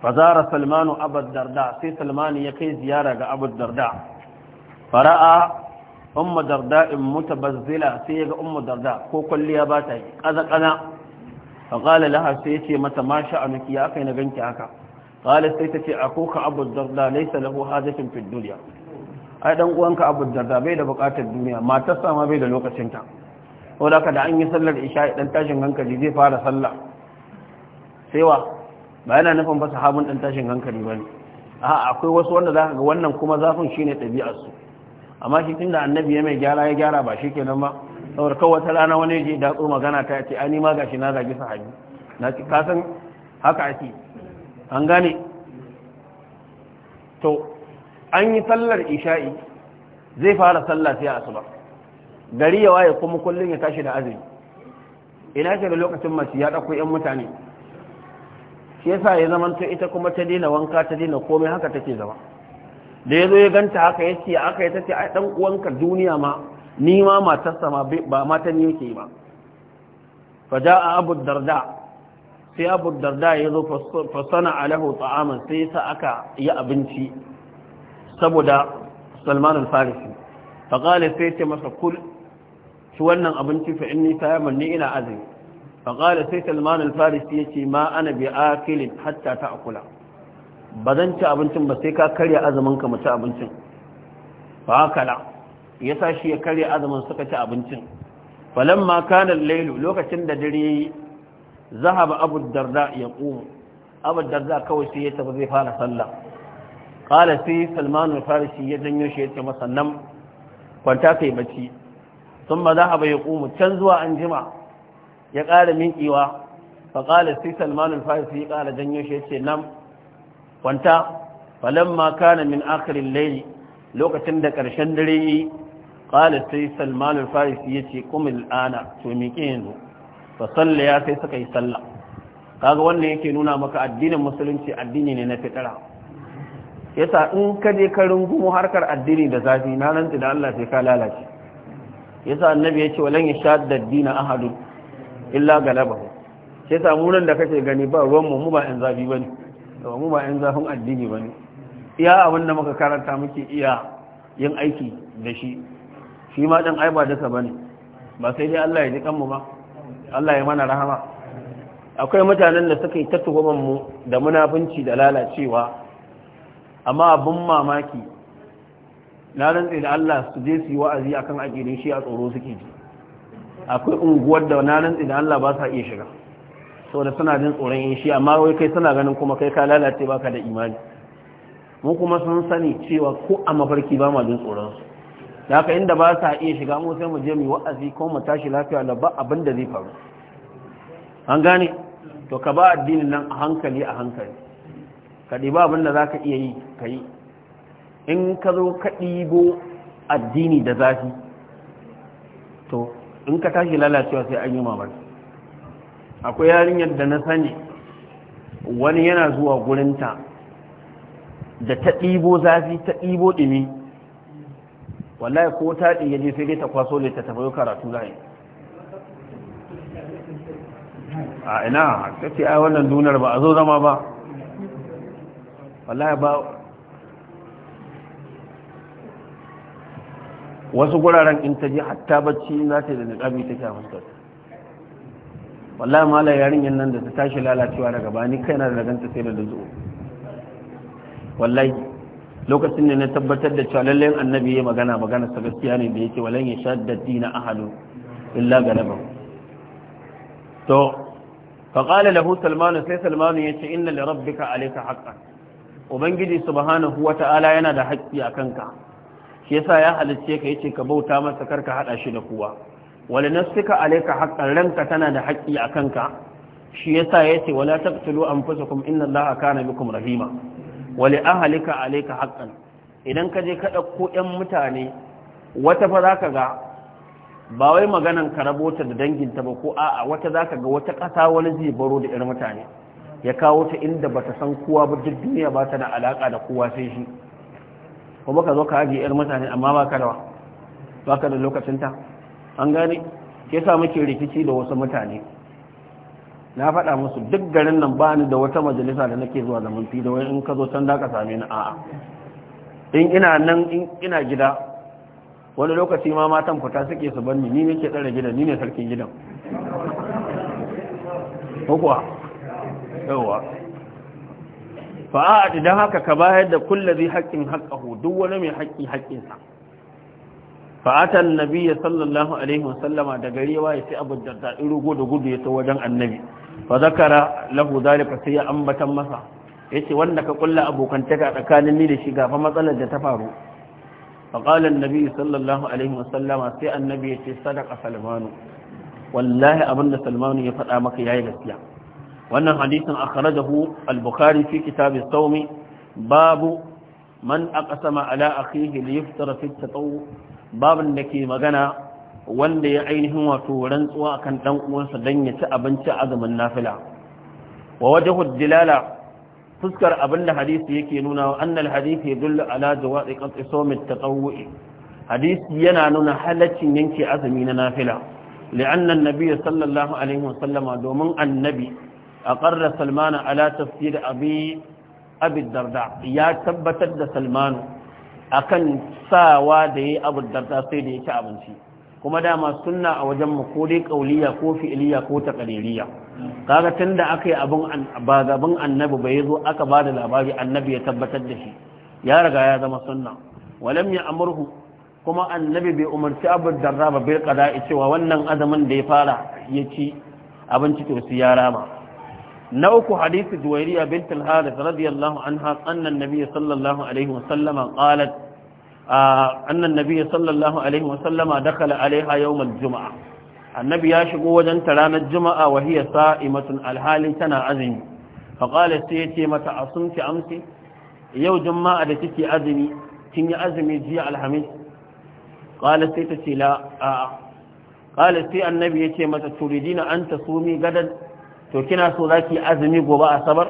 fazara salmanu abu darda sai salmanu ya kai ziyara ga abu darda fara'a umma darda in mutabazzila sai ya ga umma darda ko kwalliya ba ta yi ƙaza-ƙaza a ƙala laha sai ce mata ma sha'anuki ya kai na ganki haka ƙala sai ta ce akoka abu darda laisa lahu hajjatin fi duniya ai dan uwanka abu darda bai da buƙatar duniya matar sama bai da lokacinta saboda ka da an yi sallar isha ɗan tashin hankali zai fara sallah sai wa ba yana nufin ba sahabin ɗan tashin hankali ba ne a akwai wasu wanda za ka ga wannan kuma zafin shi ne ɗabi'arsu amma shi tun da annabi ya mai gyara ya gyara ba shi kenan ba saboda kawai wata rana wani je da magana ta ce ani ma gashi na zagi sahabi na ci kasan haka ake an gane to an yi sallar isha'i zai fara sallah sai asuba gari ya waye kuma kullum ya tashi da azumi ina ce da lokacin mace ya ɗauko 'yan mutane shi yasa ya zama to ita kuma ta daina wanka ta daina komai haka take zama da yazo ya ganta haka yace aka yi tace ai dan uwanka duniya ma ni ma matarsa ma ba mata ni yake ba fa jaa abu darda sai abu darda yazo fasana alahu ta'aman sai sa aka yi abinci saboda Salman al-Farisi qala sai ce masa kul shi wannan abinci fa inni sayamun ni ina azumi faƙala sai salman alfarisi ya ce ma ana bi akilin hatta ta akula ba zan ci abincin ba sai ka karya azumin ka mace abincin ba kala ya sa shi ya karya azamin suka ci abincin ma kana lailu lokacin da dare zahaba abu darda ya ƙumu abu darda kawai sai ya tafi zai fara sallah ƙala sai salman alfarisi ya janyo shi ya ce masa nan kwanta kai bacci sun ma zahaba ya ƙumu can zuwa an jima ya ƙara minkewa fa ƙala sai salman al-farisi ya ƙara janyo shi ya ce nan kwanta falamma kana min akhir lokacin da ƙarshen dare yi, ƙala sai salman al-farisi yace qum al-ana to miƙe yanzu fa sallaya sai suka yi salla kaga wannan yake nuna maka addinin musulunci addini ne na fitara yasa in ka je ka rungumo harkar addini da zafi na nan da Allah sai ka lalace yasa annabi ya ce walan yashadda ad-din ahadun illa galabahu sai samu nan da kake gani ba ruwanmu mu ba 'yan zafi ba mu ba 'yan zafin addini ba ne iya abin da muka karanta muke iya yin aiki da shi shi ma ɗan ai ba da ne ba sai dai Allah ya ji kanmu ba Allah ya mana rahama akwai mutanen da suka yi ta mu da munafunci da lalacewa amma abin mamaki na rantse da Allah su je su yi wa'azi akan aƙidin shi a tsoro suke ji akwai unguwar da na rantsi da Allah ba sa iya shiga saboda suna jin tsoron yin shi amma wai kai suna ganin kuma kai ka lalace baka da imani mu kuma sun sani cewa ko a mafarki ba ma jin tsoron su da haka inda ba sa iya shiga mu sai mu je mu wa'azi ko mu tashi lafiya da ba abin da zai faru an gane to ka ba addinin nan a hankali a hankali ka ba abin da za ka iya yi ka yi in ka zo ka ɗibo addini da zafi to in ka tashi lalacewa sai an yi mamaki akwai yarinyar da na sani wani yana zuwa gurinta da ta ɗibo zafi ta ɗibo ɗimi wallahi ko ta ɗi yaje sai dai ta kwaso ne ta tafi karatu layi a ina ka ce ai wannan dunar ba a zo zama ba wallahi ba wasu guraren in ta je hatta bacci za ta da niƙabi take a fuskar wallahi mala yarinyar nan da ta tashi lalacewa daga bani kaina da ganta sai da zuwa wallahi lokacin da na tabbatar da cewa lallai annabi ya magana magana sa gaskiya ne da yake walan ya sha shadda dina ahadu illa galaba to fa qala lahu salman sai salman yace inna li rabbika alayka haqqan ubangiji subhanahu wata'ala yana da haƙƙi akan kanka. shi yasa ya halicce ka yace ka bauta masa karka hada shi da kowa wala nafsika alayka haqqan ranka tana da haƙi a kanka shi yasa yace wala taqtulu anfusakum inna allaha kana bikum rahima wali ahlika alayka haqqan idan ka je ka dauko ɗan mutane wata fa zaka ga ba wai maganan ka rabota da danginta ba ko a'a wata zaka ga wata ƙasa wani zai baro da irin mutane ya kawo ta inda bata san kowa ba duk duniya ba ta da alaka da kowa sai shi kuma ka zo ka ajiye yar mutane amma ba ka da ba ka da lokacinta an gane ke sa muke rikici da wasu mutane na faɗa musu duk garin nan ba ni da wata majalisa da nake zuwa da munfi da wai in ka zo can da ka same ni a'a in ina nan in ina gida wani lokaci ma matan fita suke su bar ni nake tsare gidan ni ne sarkin gidan ko kuwa yawa fa'a da haka ka bayar da kullazi haƙƙin haƙƙahu duk wani mai haƙƙi haƙƙinsa fa'atan Nabiyyu sallallahu alaihi wasallama da gari ya waye sai abu da daɗin da gudu ya ta wajen annabi fa zakara lahu zalika sai ya ambatan masa yace wanda ka kulla abokantaka tsakanin ni da shi gafa matsalar da ta faru fa qala annabi sallallahu alaihi wasallama sai annabi ce sadaka salmanu wallahi abinda salmanu ya faɗa maka yayi gaskiya wannan hadisin akhrajahu al-bukhari fi kitab as-sawm babu man aqsama ala akhihi li yuftara fi at-tatawwu babin da ke magana wanda ya ainihin wato rantsuwa akan dan uwansa dan ya ci abinci azumin nafila wa wajhu ad-dilala fuskar abinda hadisi yake nuna wa annal hadisi yadullu ala jawazi qat'i sawmi at-tatawwu hadisi yana nuna halaccin yanke azumi na nafila li'anna an-nabiy sallallahu alaihi wasallam domin annabi أقر سلمان على تفسير أبي أبي الدرداء يا تبتد سلمان أكن ساوا sai da ya ci abinci kuma dama sunna a wajen mu ko dai kauliya ko fi'iliya ko taqririya kaga tunda aka yi ba gaban annabi bai zo aka ba da labari annabi ya tabbatar da shi ya riga ya zama sunna walam ya amurhu kuma annabi bai umarci abu darra ba bil qada'i cewa wannan azamin da ya fara ya ci abinci to su ya rama na uku hadisi juwairiya bint al-harith radiyallahu anha annan an-nabiy sallallahu alaihi wa sallama qalat anna ah, an-nabiy sallallahu alaihi wa sallama dakhala alaiha yawm al-jum'a annabi ya shigo wajen ta ranar juma'a wa hiya sa'imatun al-hali tana azumi fa qala sai yace mata asumti amsi yau juma'a da kike azumi kin yi azumi jiya alhamis qala sai ta ce la a'a qala sai annabi yace mata turidina an sumi gadan to kina so za ki azumi gobe asabar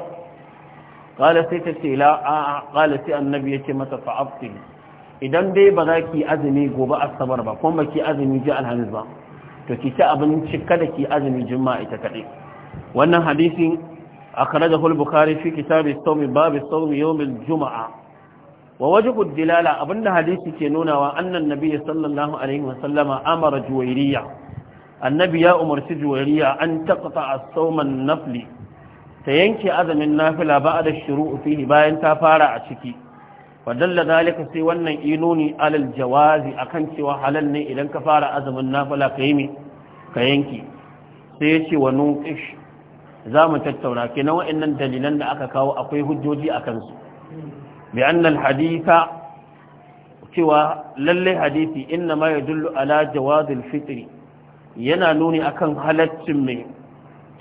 kala sai ta ce la a kala sai annabi ya ce mata fa'abti idan dai ba za ki azumi gobe asabar ba kuma ba ki azumi ji alhamis ba to ki ci abinci kada ki azumi juma'a ita kaɗai wannan hadisin akhrajahu al-bukhari fi kitab as-sawm bab babu sawm yawm al juma'a. wa waje ad-dilala abinda hadisi ke nunawa annan nabiy sallallahu alaihi wa sallama amara juwayriya annabi ya umarci juwariya an taqta a sawman nafli ta yanke azumin nafila da shiru fihi bayan ta fara a ciki wa dalla sai wannan inuni alal jawazi akan cewa halal ne idan ka fara azumin nafila ka yi ka yanke sai ya ce wa nuqish za mu tattauna kenan wa'annan dalilan da aka kawo akwai hujjoji a kansu bi haditha cewa lallai hadisi inna ma dullu ala jawazin fitri yana nuni akan halaccin mai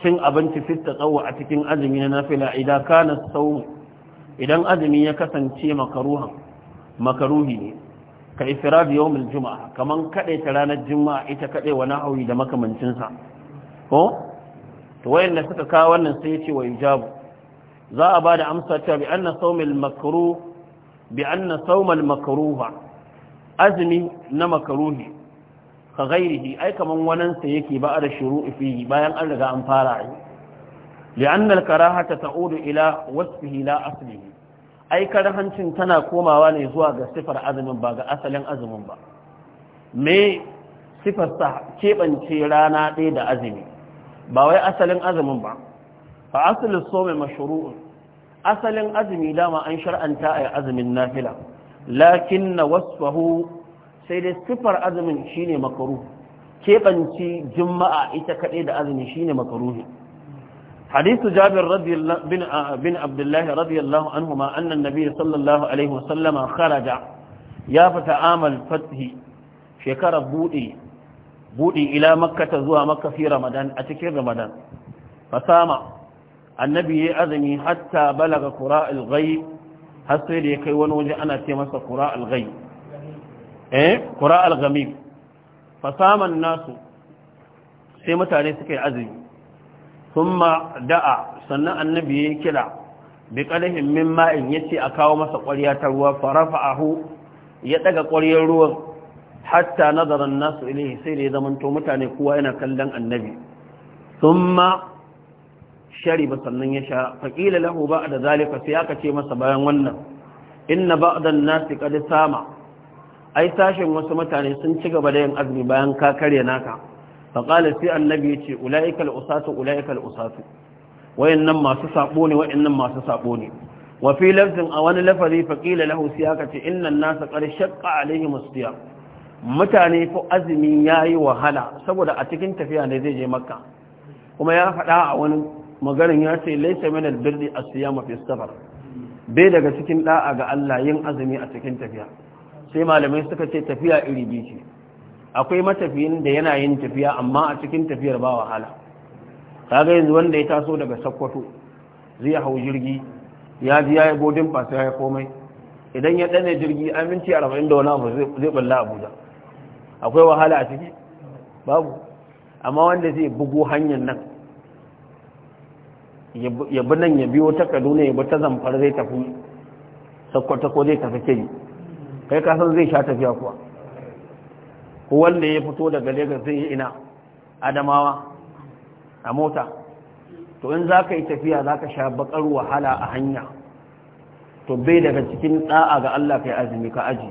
cin abinci fitta tsawo a cikin azumi na nafila idan kana sau idan azumi ya kasance makaruhan makaruhi ne ka ifrad yawmul juma'a kaman kadai ta ranar juma'a ita kadai wa nahawi da makamancin sa ko to wayanda suka kawo wannan sai yace wa ijabu za a bada amsa ta bi anna sawmul makruh bi anna sawmul makruha azmi na makruhi ka gairihi ai kaman wanansa yake ba da shuru'i fihi bayan an riga an fara yi li'anna al-karahata ta'udu ila wasfihi la aslihi ai karahancin tana komawa ne zuwa ga sifar azumin ba ga asalin azumin ba me sifar sa kebance rana ɗaya da azumi ba wai asalin azumin ba fa asalin somi mashru'un asalin azumi dama an shar'anta a azumin nafila lakin na wasfahu sai dai sifar azumin shine makaruhu kebanci juma'a ita kaɗai da azumi shine makaruhi hadisu jabir ah, bin abdullahi radiyallahu anhu ma annan sallallahu alaihi sallam kharaja ya fita amal fathi shekarar buɗe ila makata zuwa makafi fi ramadan a cikin ramadan fasama annabi ya azumi hatta balaga qura'ul ghaib har sai da ya kai wani waje ana ce masa qura'ul eh qura al-ghamim nasu sai mutane suka yi azumi ma da'a sannan annabi ya kira bi qalahin min ma'in yace a kawo masa ƙwarya ta ruwa farafahu ya ɗaga ƙwaryar ruwan hatta nazara nasu ilayhi sai da ya zamanto mutane kowa yana kallon annabi shari shariba sannan ya sha faqila lahu ba'da zalika sai aka ce masa bayan wannan inna badan nasi qad sama ai sashen wasu mutane sun ci gaba da yin azumi bayan ka karya naka faƙalar sai annabi ya ce ula'ikal usatu ula'ikal usatu wayannan masu sabo ne wayannan masu sabo ne wa fi lafzin a wani lafazi Fakila lahu sai aka ce innan nasa qad shaqqa alaihim as mutane fa azumi yayi wahala saboda a cikin tafiya ne zai je makka kuma ya faɗa a wani maganin ya ce laysa min al-birri as-siyam fi safar bai daga cikin da'a ga Allah yin azumi a cikin tafiya sai malamai suka ce tafiya iri biyu ce akwai matafiyin da yana yin tafiya amma a cikin tafiyar ba wahala kaga yanzu wanda ya taso daga sakkwato zai hau jirgi ya ji ya yi godin fasa ya komai idan ya ɗane jirgi aminci arba'in da wani abu zai ɓalla abuja akwai wahala a ciki babu amma wanda zai bugu hanyar nan ya bi nan ya biyo ta kaduna ya bi ta zamfar zai tafi sakkwato ko zai tafi kiri kai kasan zai sha tafiya kuwa ko wanda ya fito daga Legas zai yi ina adamawa a mota to in za ka yi tafiya za ka sha bakar wahala a hanya to bai daga cikin da'a ga Allah kai azumi ka aji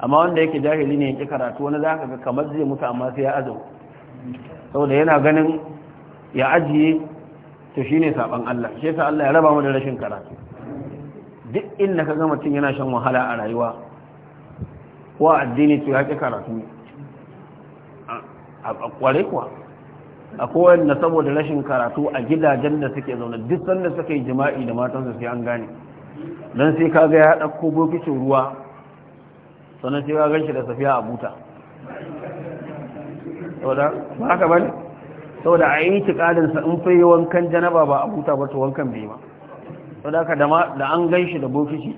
amma wanda yake jahili ne yake karatu wani za ka ga kamar zai mutu amma sai ya azumi saboda yana ganin ya ajiye to shi ne saɓan Allah shi yasa Allah ya raba mu da rashin karatu duk inda ka ga mutum yana shan wahala a rayuwa ko addini to ya ƙi karatu a kware kuwa a na saboda rashin karatu a gidajen da suke zaune duk sanda suka yi jima'i da su sai an gane don sai ka ga ya ɗauko bokitin ruwa sannan sai ka gan shi da safiya a buta saboda ba saboda a yi tiƙadinsa in fai wankan janaba ba a buta ba to wankan bai ba saboda haka da an gan shi da bokiti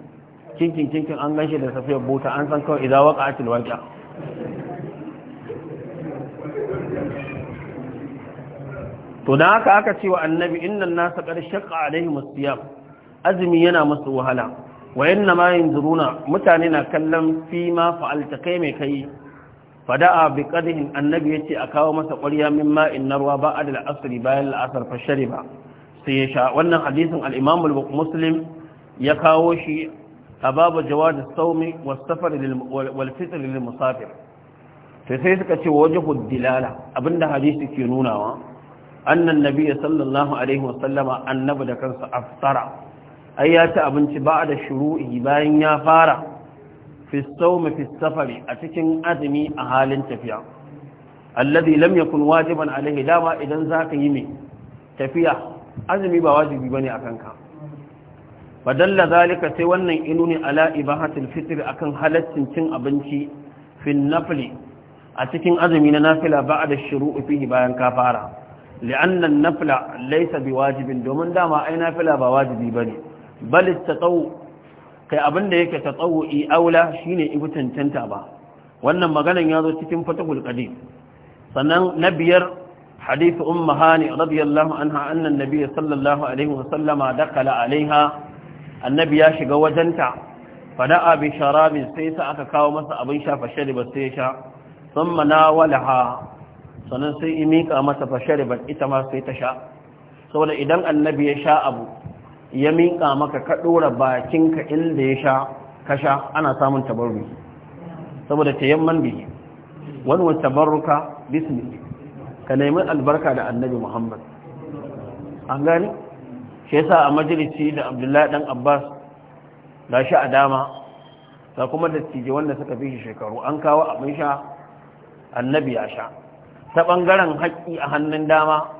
kinkin kinkin an ganshi da safiyar buta, an san kawai idan waka atil waƙa to da haka aka ce wa annabi innan nasa qad shaqqa alaihim azumi yana masu wahala wa yanna ma mutane na kallon fi ma fa'alta kai mai kai fada'a bi qadhin annabi ya ce a kawo masa ƙwarya min ma'in ba a da la'asari bayan la'asar asr ba shariba sai ya sha wannan hadisin al muslim ya kawo shi A jawaz as da was-safar wal musafir sai suka ce wajhu dilala abinda hadisi ke nunawa annan nabi sallallahu alaihi wasallama annabi da kansa aftara ai ya ci abinci da shuru'i bayan ya fara fi sawmi fi safari a cikin azumi a halin tafiya alladhi lam yakun wajiban alaihi dama idan zaka yi mai tafiya azumi ba wajibi bane akan ka fadalla zalika sai wannan inuni ala ibahatul fitr akan halaccin cin abinci fil nafli a cikin azumi na nafila ba'da shuru'i fihi bayan kafara li'anna an-nafla laysa biwajibin domin dama ai nafila ba wajibi bane bal at kai abinda yake tatawwu'i aula shine ibu tantanta ba wannan maganan yazo cikin fatahul qadim sannan na biyar حديث أم هاني رضي الله عنها أن النبي صلى الله عليه وسلم annabi ya shiga wajenta fada'a bi sharabin sai sa aka kawo masa abin sha fashari ba sai sha sun mana walaha sannan sai imika masa fashari ba ita ma sai ta sha saboda idan annabi ya sha abu ya miƙa maka ka ɗora bakinka inda ya sha ka sha ana samun tabarru saboda ta tayamman bihi wani wata tabarruka bismi ka nemi albarka da annabi muhammad an gani ke sa a majalisi da abdullahi dan abbas da shi a dama ta kuma dattijai wanda suka fi shi shekaru an kawo abin sha annabi ya sha ta ɓangaren haƙƙi a hannun dama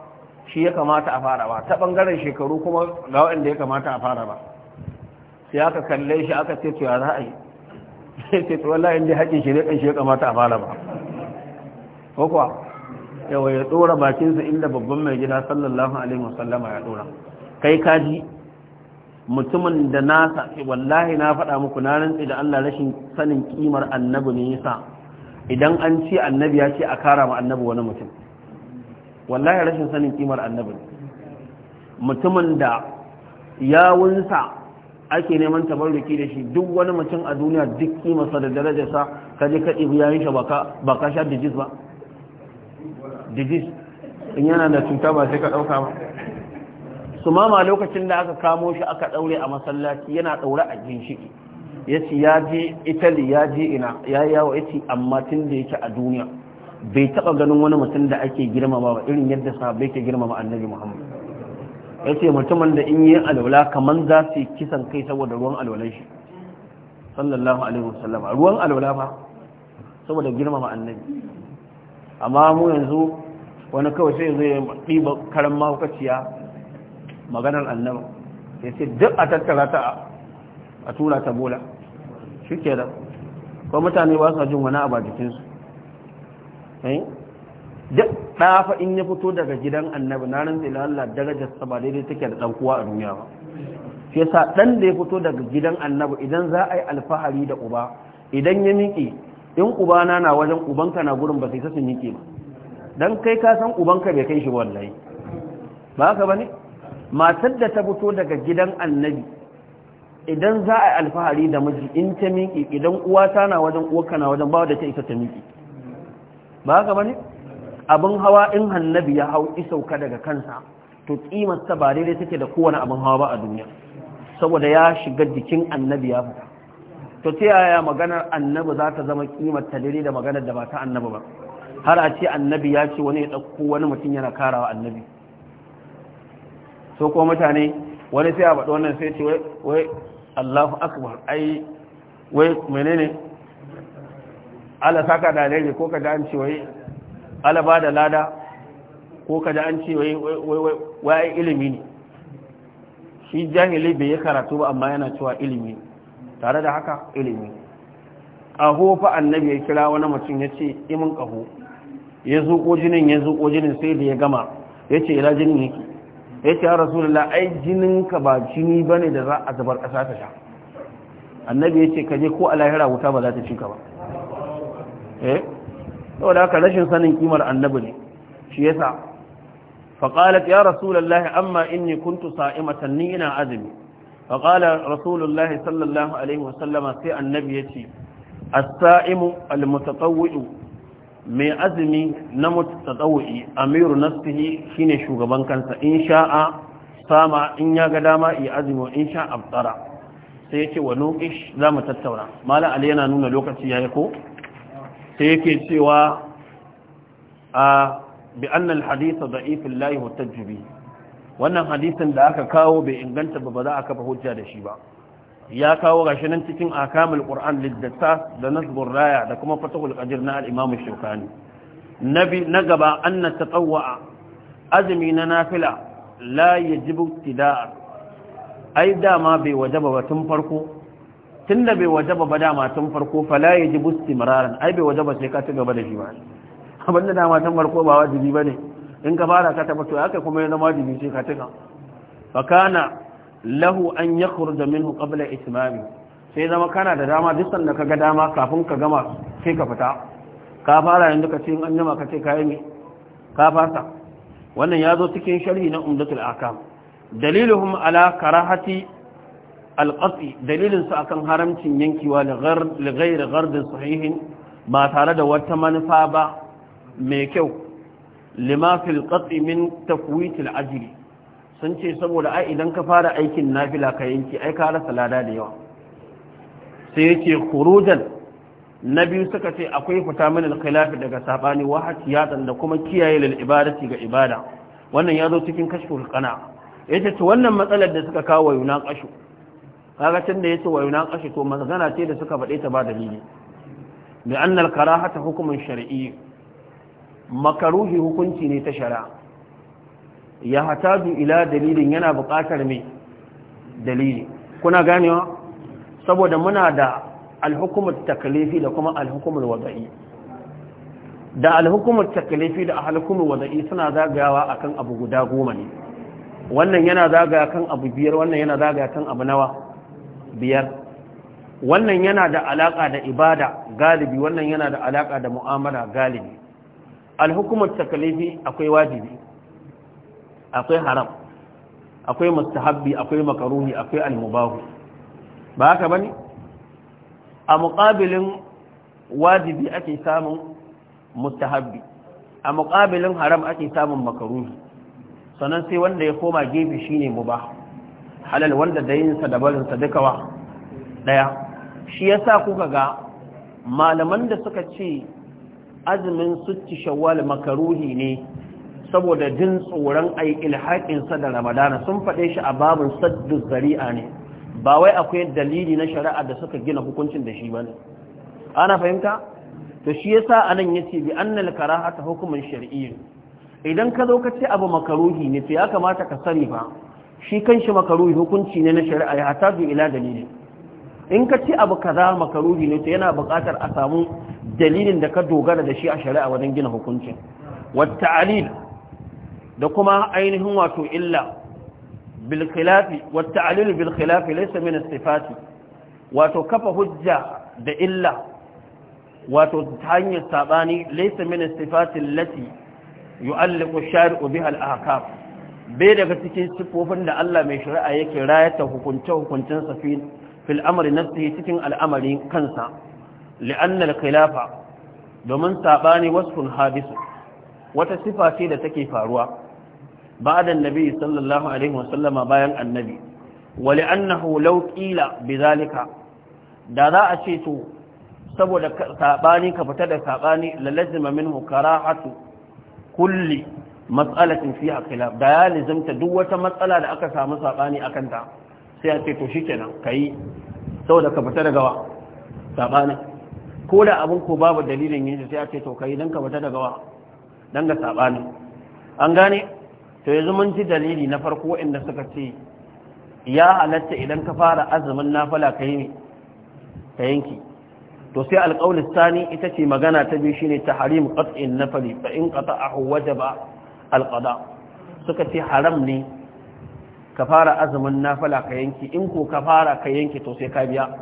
shi ya kamata a fara ba ta ɓangaren shekaru kuma ga waɗanda ya kamata a fara ba sai aka kalle shi aka ce to ya za a yi sai ce to wallahi inda haƙƙin shi ne kan shi ya kamata a fara ba ko kuwa yawa ya ɗora bakinsa inda babban mai gida sallallahu alaihi wasallama ya ɗora kai kaji mutumin da na sa'i wallahi na faɗa muku na rantsi da Allah rashin sanin kimar annabi ne yasa idan an ce annabi ya ce a kara ma annabi wani mutum wallahi rashin sanin kimar annabi mutumin da yawunsa ake neman tabarruki da shi duk wani mutum a duniya duk kimarsa da darajarsa ka je ka ɗibi yayin shi ba ka sha dijis ba dijis in yana da cuta ba sai ka ɗauka ba su mama lokacin da aka kamo shi aka ɗaure a masallaci yana ɗaure a ginshiki ya ce ya je italy ya je ina ya yawo ya ce amma tun da yake a duniya bai taɓa ganin wani mutum da ake girmama ba irin yadda bai ke girmama annabi muhammad ya ce mutumin da in yi alwala kamar za su yi kisan kai saboda ruwan alwalai shi sallallahu alaihi wasallam ruwan alwala ba saboda girmama annabi amma mu yanzu wani kawai sai zai ɗiba karan mahaukaciya maganar annaba ya ce duk a tattara ta a tura ta bola shi ke da ko mutane ba su jin wani abu a jikinsu eh? duk ɗafa in ya fito daga gidan annaba na ran lalata Allah darajarsa ba daidai take da ɗan kuwa a duniya ba shi sa ɗan da ya fito daga gidan annaba idan za a yi alfahari da uba idan ya miƙe in ubana na wajen ubanka na gurin ba sai su miƙe ba don kai ka san ubanka bai kai shi wallahi ba ka ba ne? matar da ta fito daga gidan annabi idan za a alfahari da miji in ta miƙi idan uwa ta na wajen uwaka na wajen bawa da ta isa ta miƙi ba ka bane abin hawa in annabi ya hau isauka daga kansa to kimar ta ba daidai take da kowane abin hawa ba a duniya saboda ya shiga jikin annabi ya fita to ta yaya maganar annabi za ta zama kimar ta da maganar da ba ta annabi ba har a ce annabi ya ce wani ya ɗauko wani mutum yana karawa annabi so ko mutane wani sai a faɗi wannan sai ce wai Allahu akbar ai wai menene ala saka da ne ko kaga an ce wai ala ba da lada ko kaga an ce wai wai wai ilimi ne shi jahili bai yi karatu ba amma yana cewa ilimi tare da haka ilimi aho fa annabi ya kira wani mutum ya ce imin ƙaho ya zuƙo jinin ya zuƙo jinin sai da ya gama ya ce ila jinin yake ya ce ya rasulullah ai jininka ba jini ba ne da za a zabar ƙasa ta sha annabi ya ce kaje ko a wuta ba za ta cika ba eh da haka rashin sanin kimar annabi ne shi sa faqalat ya rasulullahi amma inni kuntu sa'imatan ni ina azumi faqala rasulullahi sallallahu alaihi wasallama sai annabi ya ce as-sa'imu al-mutatawwi'u mai azumi na mutatsawi amiru shi shine shugaban kansa in sha'a sama in ya ga dama iya azumi in sha'a tsara sai yake wa za mu tattauna mala ali yana nuna lokaci ya yi ko sai yake cewa a bi anna hadisa da ifin layi jubi wannan hadisin da aka kawo bai inganta ba ba za a kafa hujja da shi ba ya kawo gashi nan cikin akamul qur'an liddasa da nasbur raya da kuma fatahul qadir na al-imam shaukani nabi na gaba anna tatawwa azmi na nafila la yajibu ibtida'a ai dama bai wajaba ba tun farko tunda bai wajaba ba dama tun farko fa fala yajibu istimraran ai bai wajaba sai ka ci gaba da shi ba abin da dama tun farko ba wajibi bane in ka fara ka tabbata kai kuma ya zama wajibi sai ka tuka fa kana lahu an da minhu kabla itmami sai zama kana da dama duk sanda kaga dama kafin ka gama sai ka fita ka fara yanzu ka ce an jama ka ce kai me ka fasa wannan ya zo cikin sharhi na umdatul akam daliluhum ala karahati alqati dalilin su akan haramcin yankewa li ghar li ghairi ghardin sahihin ba tare da wata manufa ba mai kyau lima fil qati min tafwit al sun ce saboda ai idan ka fara aikin nafila ka yanki ai ka rasa lada da yawa sai yake khurujan na biyu suka ce akwai fita min al-khilaf daga sabani wa hatiyatan da kuma kiyaye lil ibadati ga ibada wannan ya zo cikin kashful qana yace to wannan matsalar da suka kawo yuna kashu kaga tunda yace wa kashu to magana ce da suka faɗe ta ba dalili bi anna al-karahata hukmun shar'i makaruhi hukunci ne ta shari'a ya hataju ila dalilin yana buƙatar mai dalili kuna ganewa saboda muna da alhukumar takalifi da kuma alhukumar wada'i da alhukumar takalifi da alhukumar wada'i suna zagayawa akan abu guda goma ne wannan yana zagaya kan abu biyar wannan yana zagaya kan abu nawa biyar wannan yana da alaƙa da ibada galibi wannan yana da alaƙa da mu'amala galibi alhukumar takalifi akwai wajibi akwai haram akwai mustahabbi akwai makaruhi akwai almubahu ba haka bane a muqabilin wajibi ake samun mustahabbi a muqabilin haram ake samun makaruhi sannan sai wanda ya koma gefe shine mubah halal wanda sa da barinsa duka wa daya shi yasa kuka ga malaman da suka ce azumin sutti shawwal makaruhi ne saboda jin tsoron ai ilhaƙinsa da ramadana sun faɗe shi a babin saddu zari'a ne ba wai akwai dalili na shari'a da suka gina hukuncin da shi ba ne ana fahimta to shi yasa anan yace bi annal karahata hukumin shar'i idan ka zo ka ce abu makaruhi ne to ya kamata ka sani ba. shi kanshi makaruhi hukunci ne na shari'a ya hataju ila dalili in ka ce abu kaza makaruhi ne to yana buƙatar a samu dalilin da ka dogara da shi a shari'a wajen gina hukuncin wata alil da kuma ainihin wato illa bil khilafi wa ta'lil bil min istifati wato kafa hujja da illa wato hanyar saɓani laysa min istifati allati yu'alliqu shariu biha bai daga cikin sifofin da Allah mai shari'a yake rayata hukunce hukuncin sa fi fil amri nafsihi cikin al'amarin kansa li'anna al-khilafa domin saɓani wasfun hadisu wata sifa ce da take faruwa بعد النبي صلى الله عليه وسلم باين النبي ولأنه لو قيل بذلك da za a ce to saboda saɓani ka fita da saɓani lalazima minhu karahatu kulli fiye a khilaf da ya lizimta duk wata matsala da aka samu saɓani a kanta sai a ce to ka yi saboda ka fita daga wa saɓani ko da abin ko babu dalilin yin sai a ce to yi don ka fita daga wa dan ga saɓani an gane to yanzu mun ci dalili na farko inda suka ce ya halatta idan ka fara azumin nafila ka yi ka yanki to sai alƙawlis sani ita ce magana ta biyu shine tahrim qat'in nafali fa in qata'ahu wajaba alqada suka ce haram ne ka fara azumin nafila ka yanki in ko ka fara ka yanki to sai ka biya [laughs]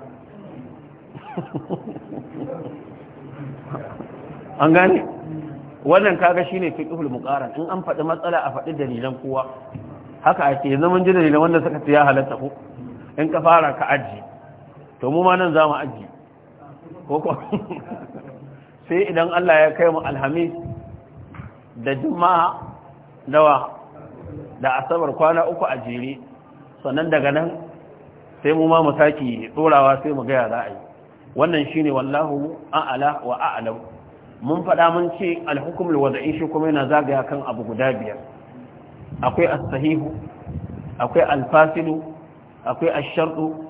an gane wannan kaga shine fiqhul muqaran in an faɗi matsala a faɗi dalilan kowa haka ake yanzu mun ji dalilan wanda suka ce ya halatta ko in ka fara ka aji to mu ma nan za mu aji ko ko [laughs] sai idan Allah ya kai mu alhamis da juma'a dawa da asabar kwana uku a jere sannan daga nan sai mu ma mu saki tsorawa sai mu gaya za a yi wannan shine wallahu a'ala wa a'lamu mun faɗa mun ce alhukumul wada'i shi kuma yana zagaya kan abu guda biyar akwai as-sahihu akwai al-fasilu akwai ash-shartu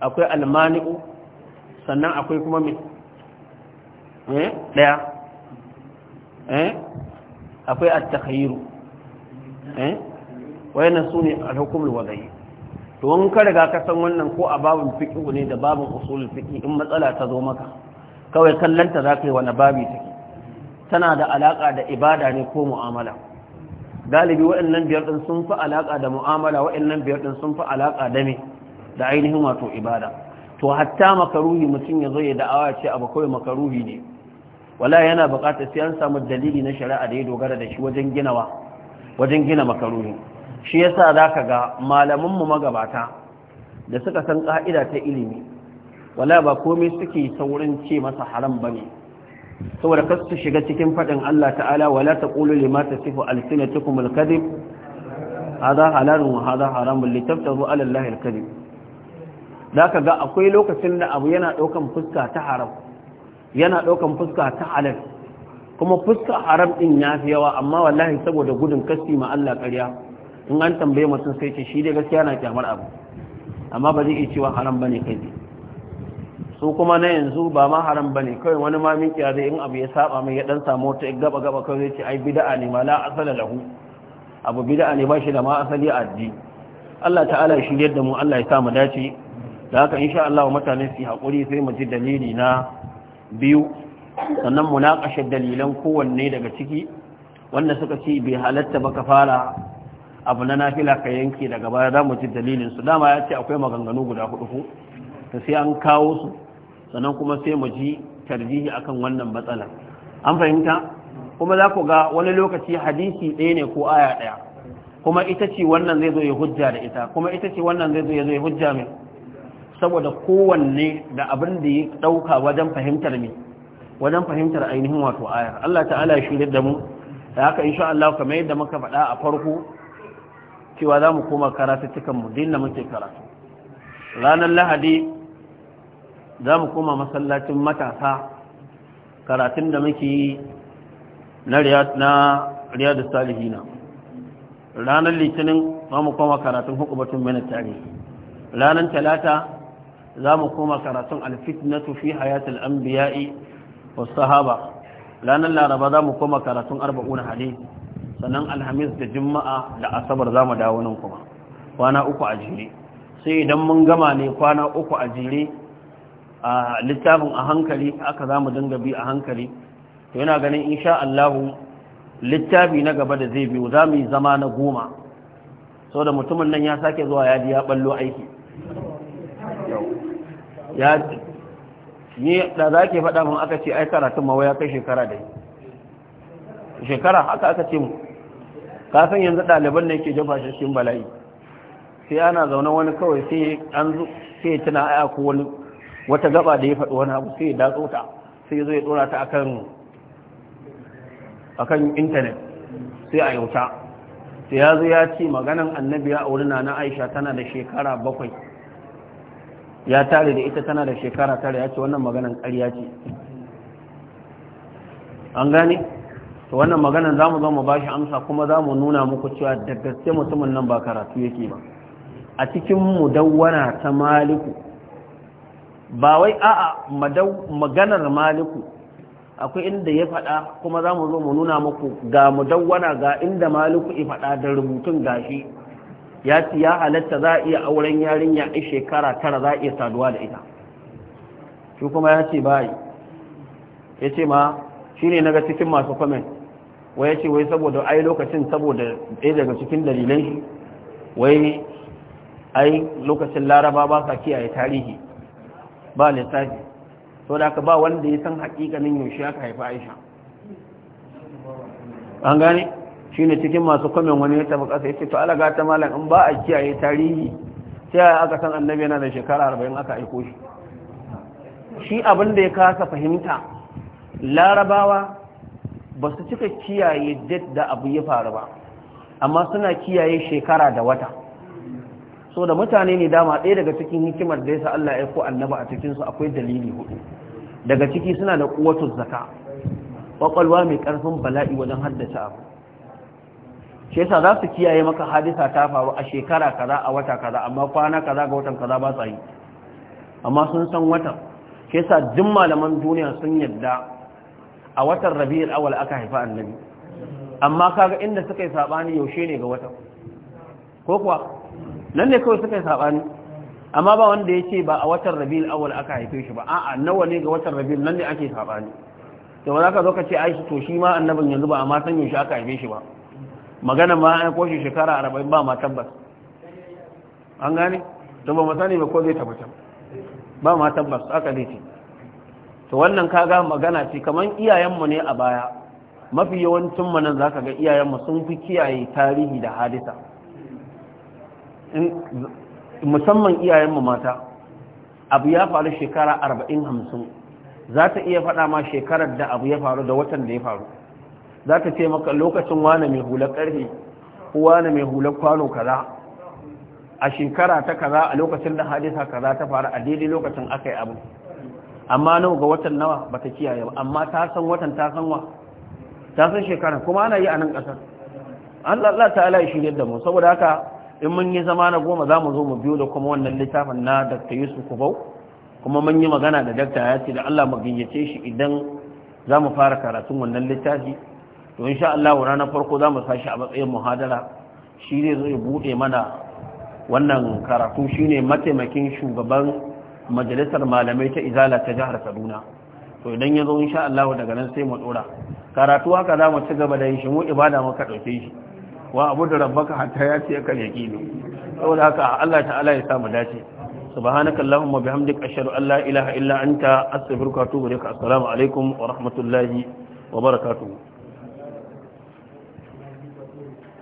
akwai al-mani'u sannan akwai kuma mi eh daya eh akwai at-takhayyu eh wayannan sune al-hukumul wada'i to in ka riga ka san wannan ko a babun fiqh ne da babun usulul fiqh in matsala ta zo maka kawai kallanta za ka yi wani babi take tana da alaƙa da ibada ne ko mu'amala galibi waɗannan biyar ɗin sun fi alaƙa da mu'amala waɗannan biyar ɗin sun fi alaƙa da me da ainihin wato ibada to hatta makaruhi mutum ya zo ya da'awa ce abu kawai makaruhi ne wala yana buƙatar sai an samu dalili na shari'a da ya dogara da shi wajen ginawa wajen gina makaruhi shi yasa zaka ga malaman mu magabata da suka san ƙa'ida ta ilimi wala ba komai suke saurin ce masa haram ba ne saboda kas su shiga cikin faɗin Allah ta'ala wala ta ƙulu lima ta sifu alsinatukum alkadib hada halalun wa hada haramun litaftaru ala Allah alkadib zaka ga akwai lokacin da abu yana ɗaukan fuska ta haram yana ɗaukan fuska ta halal kuma fuska haram din ya fi yawa amma wallahi saboda gudun kasti ma Allah ƙarya in an tambaye mutum sai ce shi dai gaskiya na kyamar abu amma ba zai iya cewa haram bane kai su kuma na yanzu ba ma haram bane kawai wani ma min kiyaye in abu ya saba mai ya dan samu ta gaba gaba kawai zai ce ai bid'a ne ma la asala lahu abu bid'a ne ba shi da ma asali a addini Allah ta'ala ya shiryar da mu Allah ya sa mu dace da haka insha Allah mutane su hakuri sai mu ji dalili na biyu sannan mu munaqashar dalilan kowanne daga ciki wanda suka ce bai halatta ba ka fara abu na nafila ka yanke daga baya za mu ji dalilin su dama ya ce akwai maganganu guda hudu ko ta sai an kawo su sannan kuma sai mu ji tarjihi akan wannan matsalar an fahimta kuma za ku ga wani lokaci hadisi ɗaya ne ko aya ɗaya kuma ita ce wannan zai zo ya hujja da ita kuma ita ce wannan zai zo ya zo ya hujja mai saboda kowanne da abin da ya ɗauka wajen fahimtar mai wajen fahimtar ainihin wato aya Allah ta'ala ya shirya da mu da haka insha Allah kamar yadda muka faɗa a farko cewa za mu koma karatuttukan mu dinna muke karatu ranar lahadi za mu koma masallacin matasa karatun da muke yi na riyadu salihina ranar litinin za mu koma karatun hukubatun mana ranar talata za mu koma karatun alfitnatu fi hayatul anbiya'i was sahaba ranar laraba za mu koma karatun arba'una hadith sannan alhamis da juma'a da asabar za mu dawo nan kuma kwana uku a jere sai idan mun gama ne kwana uku a jere a littafin a hankali aka za mu dinga bi a hankali to yana ganin insha Allahu littafi na gaba da zai biyu za mu yi zama na goma sau da mutumin nan ya sake zuwa ya ji ya ballo aiki ya ni da za ke faɗa mun aka ce ai karatun mawa ya kai shekara dai. shekara haka aka ce mu Ka san yanzu ɗaliban ne ke jafa shi cikin bala'i sai ana zaune wani kawai sai an zo sai tana aya ko wani wata gaba da ya faɗi wani abu sai ya datso ta sai zai tsora ta a kan intanet sai a yauta sai ya zai ya ce maganan annabi ya auri na Aisha tana da shekara bakwai ya tare da ita tana da shekara tare ya ce wannan maganan ƙarya ce an gane to wannan maganan mu zo mu bashi amsa kuma za mu nuna muku cewa daga gaske mutumin nan ba karatu yake ba a cikin dawwana ta maliku ba wai a'a maganar maliku akwai inda ya faɗa kuma za mu zo mu nuna muku ga mudawwana ga inda maliku ya faɗa da rubutun gashi ya ci ya halatta za a iya auren yarinya a shekara tara za a iya saduwa da ita shi kuma ya ce bayi ya ce ma shi ne naga cikin masu kwamen wai ya ce wai saboda ai lokacin saboda ɗaya daga cikin dalilan shi wai ai lokacin laraba ba sa kiyaye tarihi ba lissafi so da aka ba wanda ya san hakikanin yaushe aka haifi aisha an gane shi ne cikin masu kwamen wani ya tafi kasa ya ce to alaga ta malam in ba a kiyaye tarihi sai aka san annabi yana da shekara arba'in aka aiko shi shi abin da ya kasa fahimta larabawa ba su cika kiyaye duk da abu ya faru ba amma suna kiyaye shekara da wata so da mutane ne dama ɗaya daga cikin hikimar da yasa Allah ya ko annaba a cikin su akwai dalili hudu daga ciki suna da kuwatu zakka kwakwalwa mai karfin bala'i wajen haddasa abu shi yasa za su kiyaye maka hadisa ta faru a shekara kaza a wata kaza amma kwana kaza ga watan kaza ba sa yi amma sun san watan shi yasa duk malaman duniya sun yadda a watan rabi'ul awal aka haifa annabi amma kaga inda suka yi sabani yaushe ne ga watan ko kuwa nan ne kawai suka yi saɓani amma ba wanda ya ce ba a watan rabi'ul awal aka haife shi ba a'a nawa ne ga watan rabi'ul nan ne ake saɓani to ba za ka zo ka ce ai to shi ma annabin yanzu ba amma yin shi aka haife shi ba magana ma an ko shi shekara arba'in ba ma tabbas an gane to ba masani ba ko zai tabbata ba ma tabbas aka zai ce to wannan kaga magana ce Kamar iyayenmu ne a baya mafi yawancin manan za ka ga iyayenmu sun fi kiyaye tarihi da hadisa musamman iyayenmu mata abu ya faru shekara arba'in hamsin za ta iya faɗa ma shekarar da abu ya faru da watan da ya faru za ta ce maka lokacin wane mai hular ko wane mai hular kwano kaza a shekara ta kaza a lokacin da hadisa kaza ta faru a daidai lokacin aka yi abu amma nawa ga watan nawa ba ta kiyaye ba amma ta san watan ta san wa ta san shekara kuma ana yi a nan ƙasar Allah ta'ala ya shi yadda mu saboda haka in mun yi zama na goma za mu zo mu biyo da kuma wannan littafin na dr yusuf kubau kuma mun yi magana da dakta ya ce da allah mu gayyace shi idan za mu fara karatun wannan littafi to insha allah ranar farko za mu sashi a matsayin muhadara shi ne zai bude mana wannan karatu shi ne mataimakin shugaban majalisar malamai ta izala ta jihar kaduna to idan ya zo insha allah daga nan sai mu dora karatu haka za mu ci gaba da yin shi mu ibada muka ɗauke shi wa abu da rabbaka hatta ya ce kan yaqinu saboda haka Allah ta'ala ya samu dace subhanaka allahumma bihamdika ashhadu an la ilaha illa anta astaghfiruka wa atubu ilaik assalamu alaikum wa rahmatullahi wa barakatuh